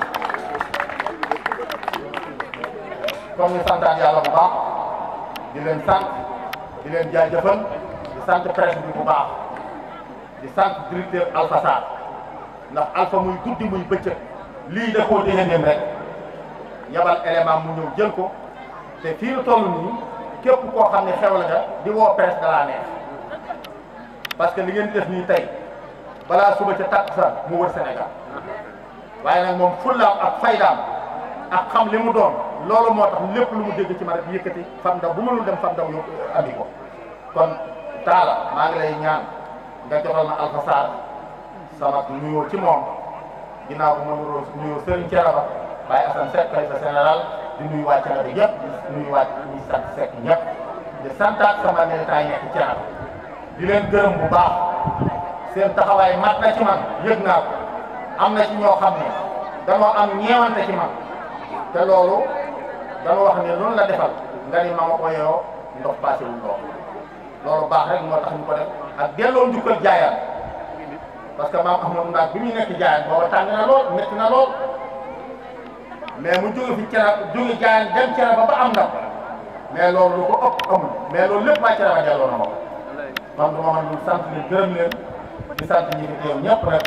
kon ñu santaan yàlla bu baax di leen sant di leen jaajëfal sant presse bi bu baax di sant directeur Alpha Sarr ndax Alpha muy guddi muy bëccëg lii da koo dégg rek yabal élément mu ñëw jël ko te fii lu toll nii képp koo xam ne xew la nga di woo presse da parce que li ngeen di def nii tey balaa suba ca takkusaan mu wër Sénégal waaye nag moom fullaam ak faydaam ak xam li mu doon loolu moo tax lépp lu mu dégg ci ma rek yëkkati fam ndaw bu mënul dem fam ndaw yo ami ko taala maa ngi lay ñaan nga joxal ma Alpha Sarr sama nuyoo ci moom ginnaaw bu ma nuyoo nuyoo Serigne Thiénaba ba Baye Assane Seck xalifa général di nuyu waa Thiénaba yëpp di nuyu waa ñi sant Seck santaat sama militant yi nekk di leen gërëm bu baax seen taxawaay mat na ci man yëg naa ko am na ci ñoo xam ne danoo am ñeewante ci man te loolu dañu wax ne loolu la defal nga ni ma ma ndox passé loolu baax rek moo tax ñu ko def ak delloo njukkal jaayaan parce que maam Ahmadou Ndaak bi muy nekk jaayaan booba tàng na lool métti na lool mais mu jóge fi cere jóge jaayaan dem cere ba ba am ndam mais loolu lu ko ëpp amul loolu lépp maa cere ba delloo na ma ko du ma mën ñu sant leen gërëm leen di sant ñi fi teew ñëpp rek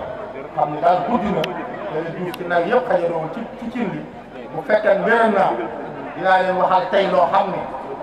xam ne daal guddi na dana duuf ci nag yëpp xajaroon ci ci cin li bu fekkee wéral naa dinaa leen waxal tey loo xam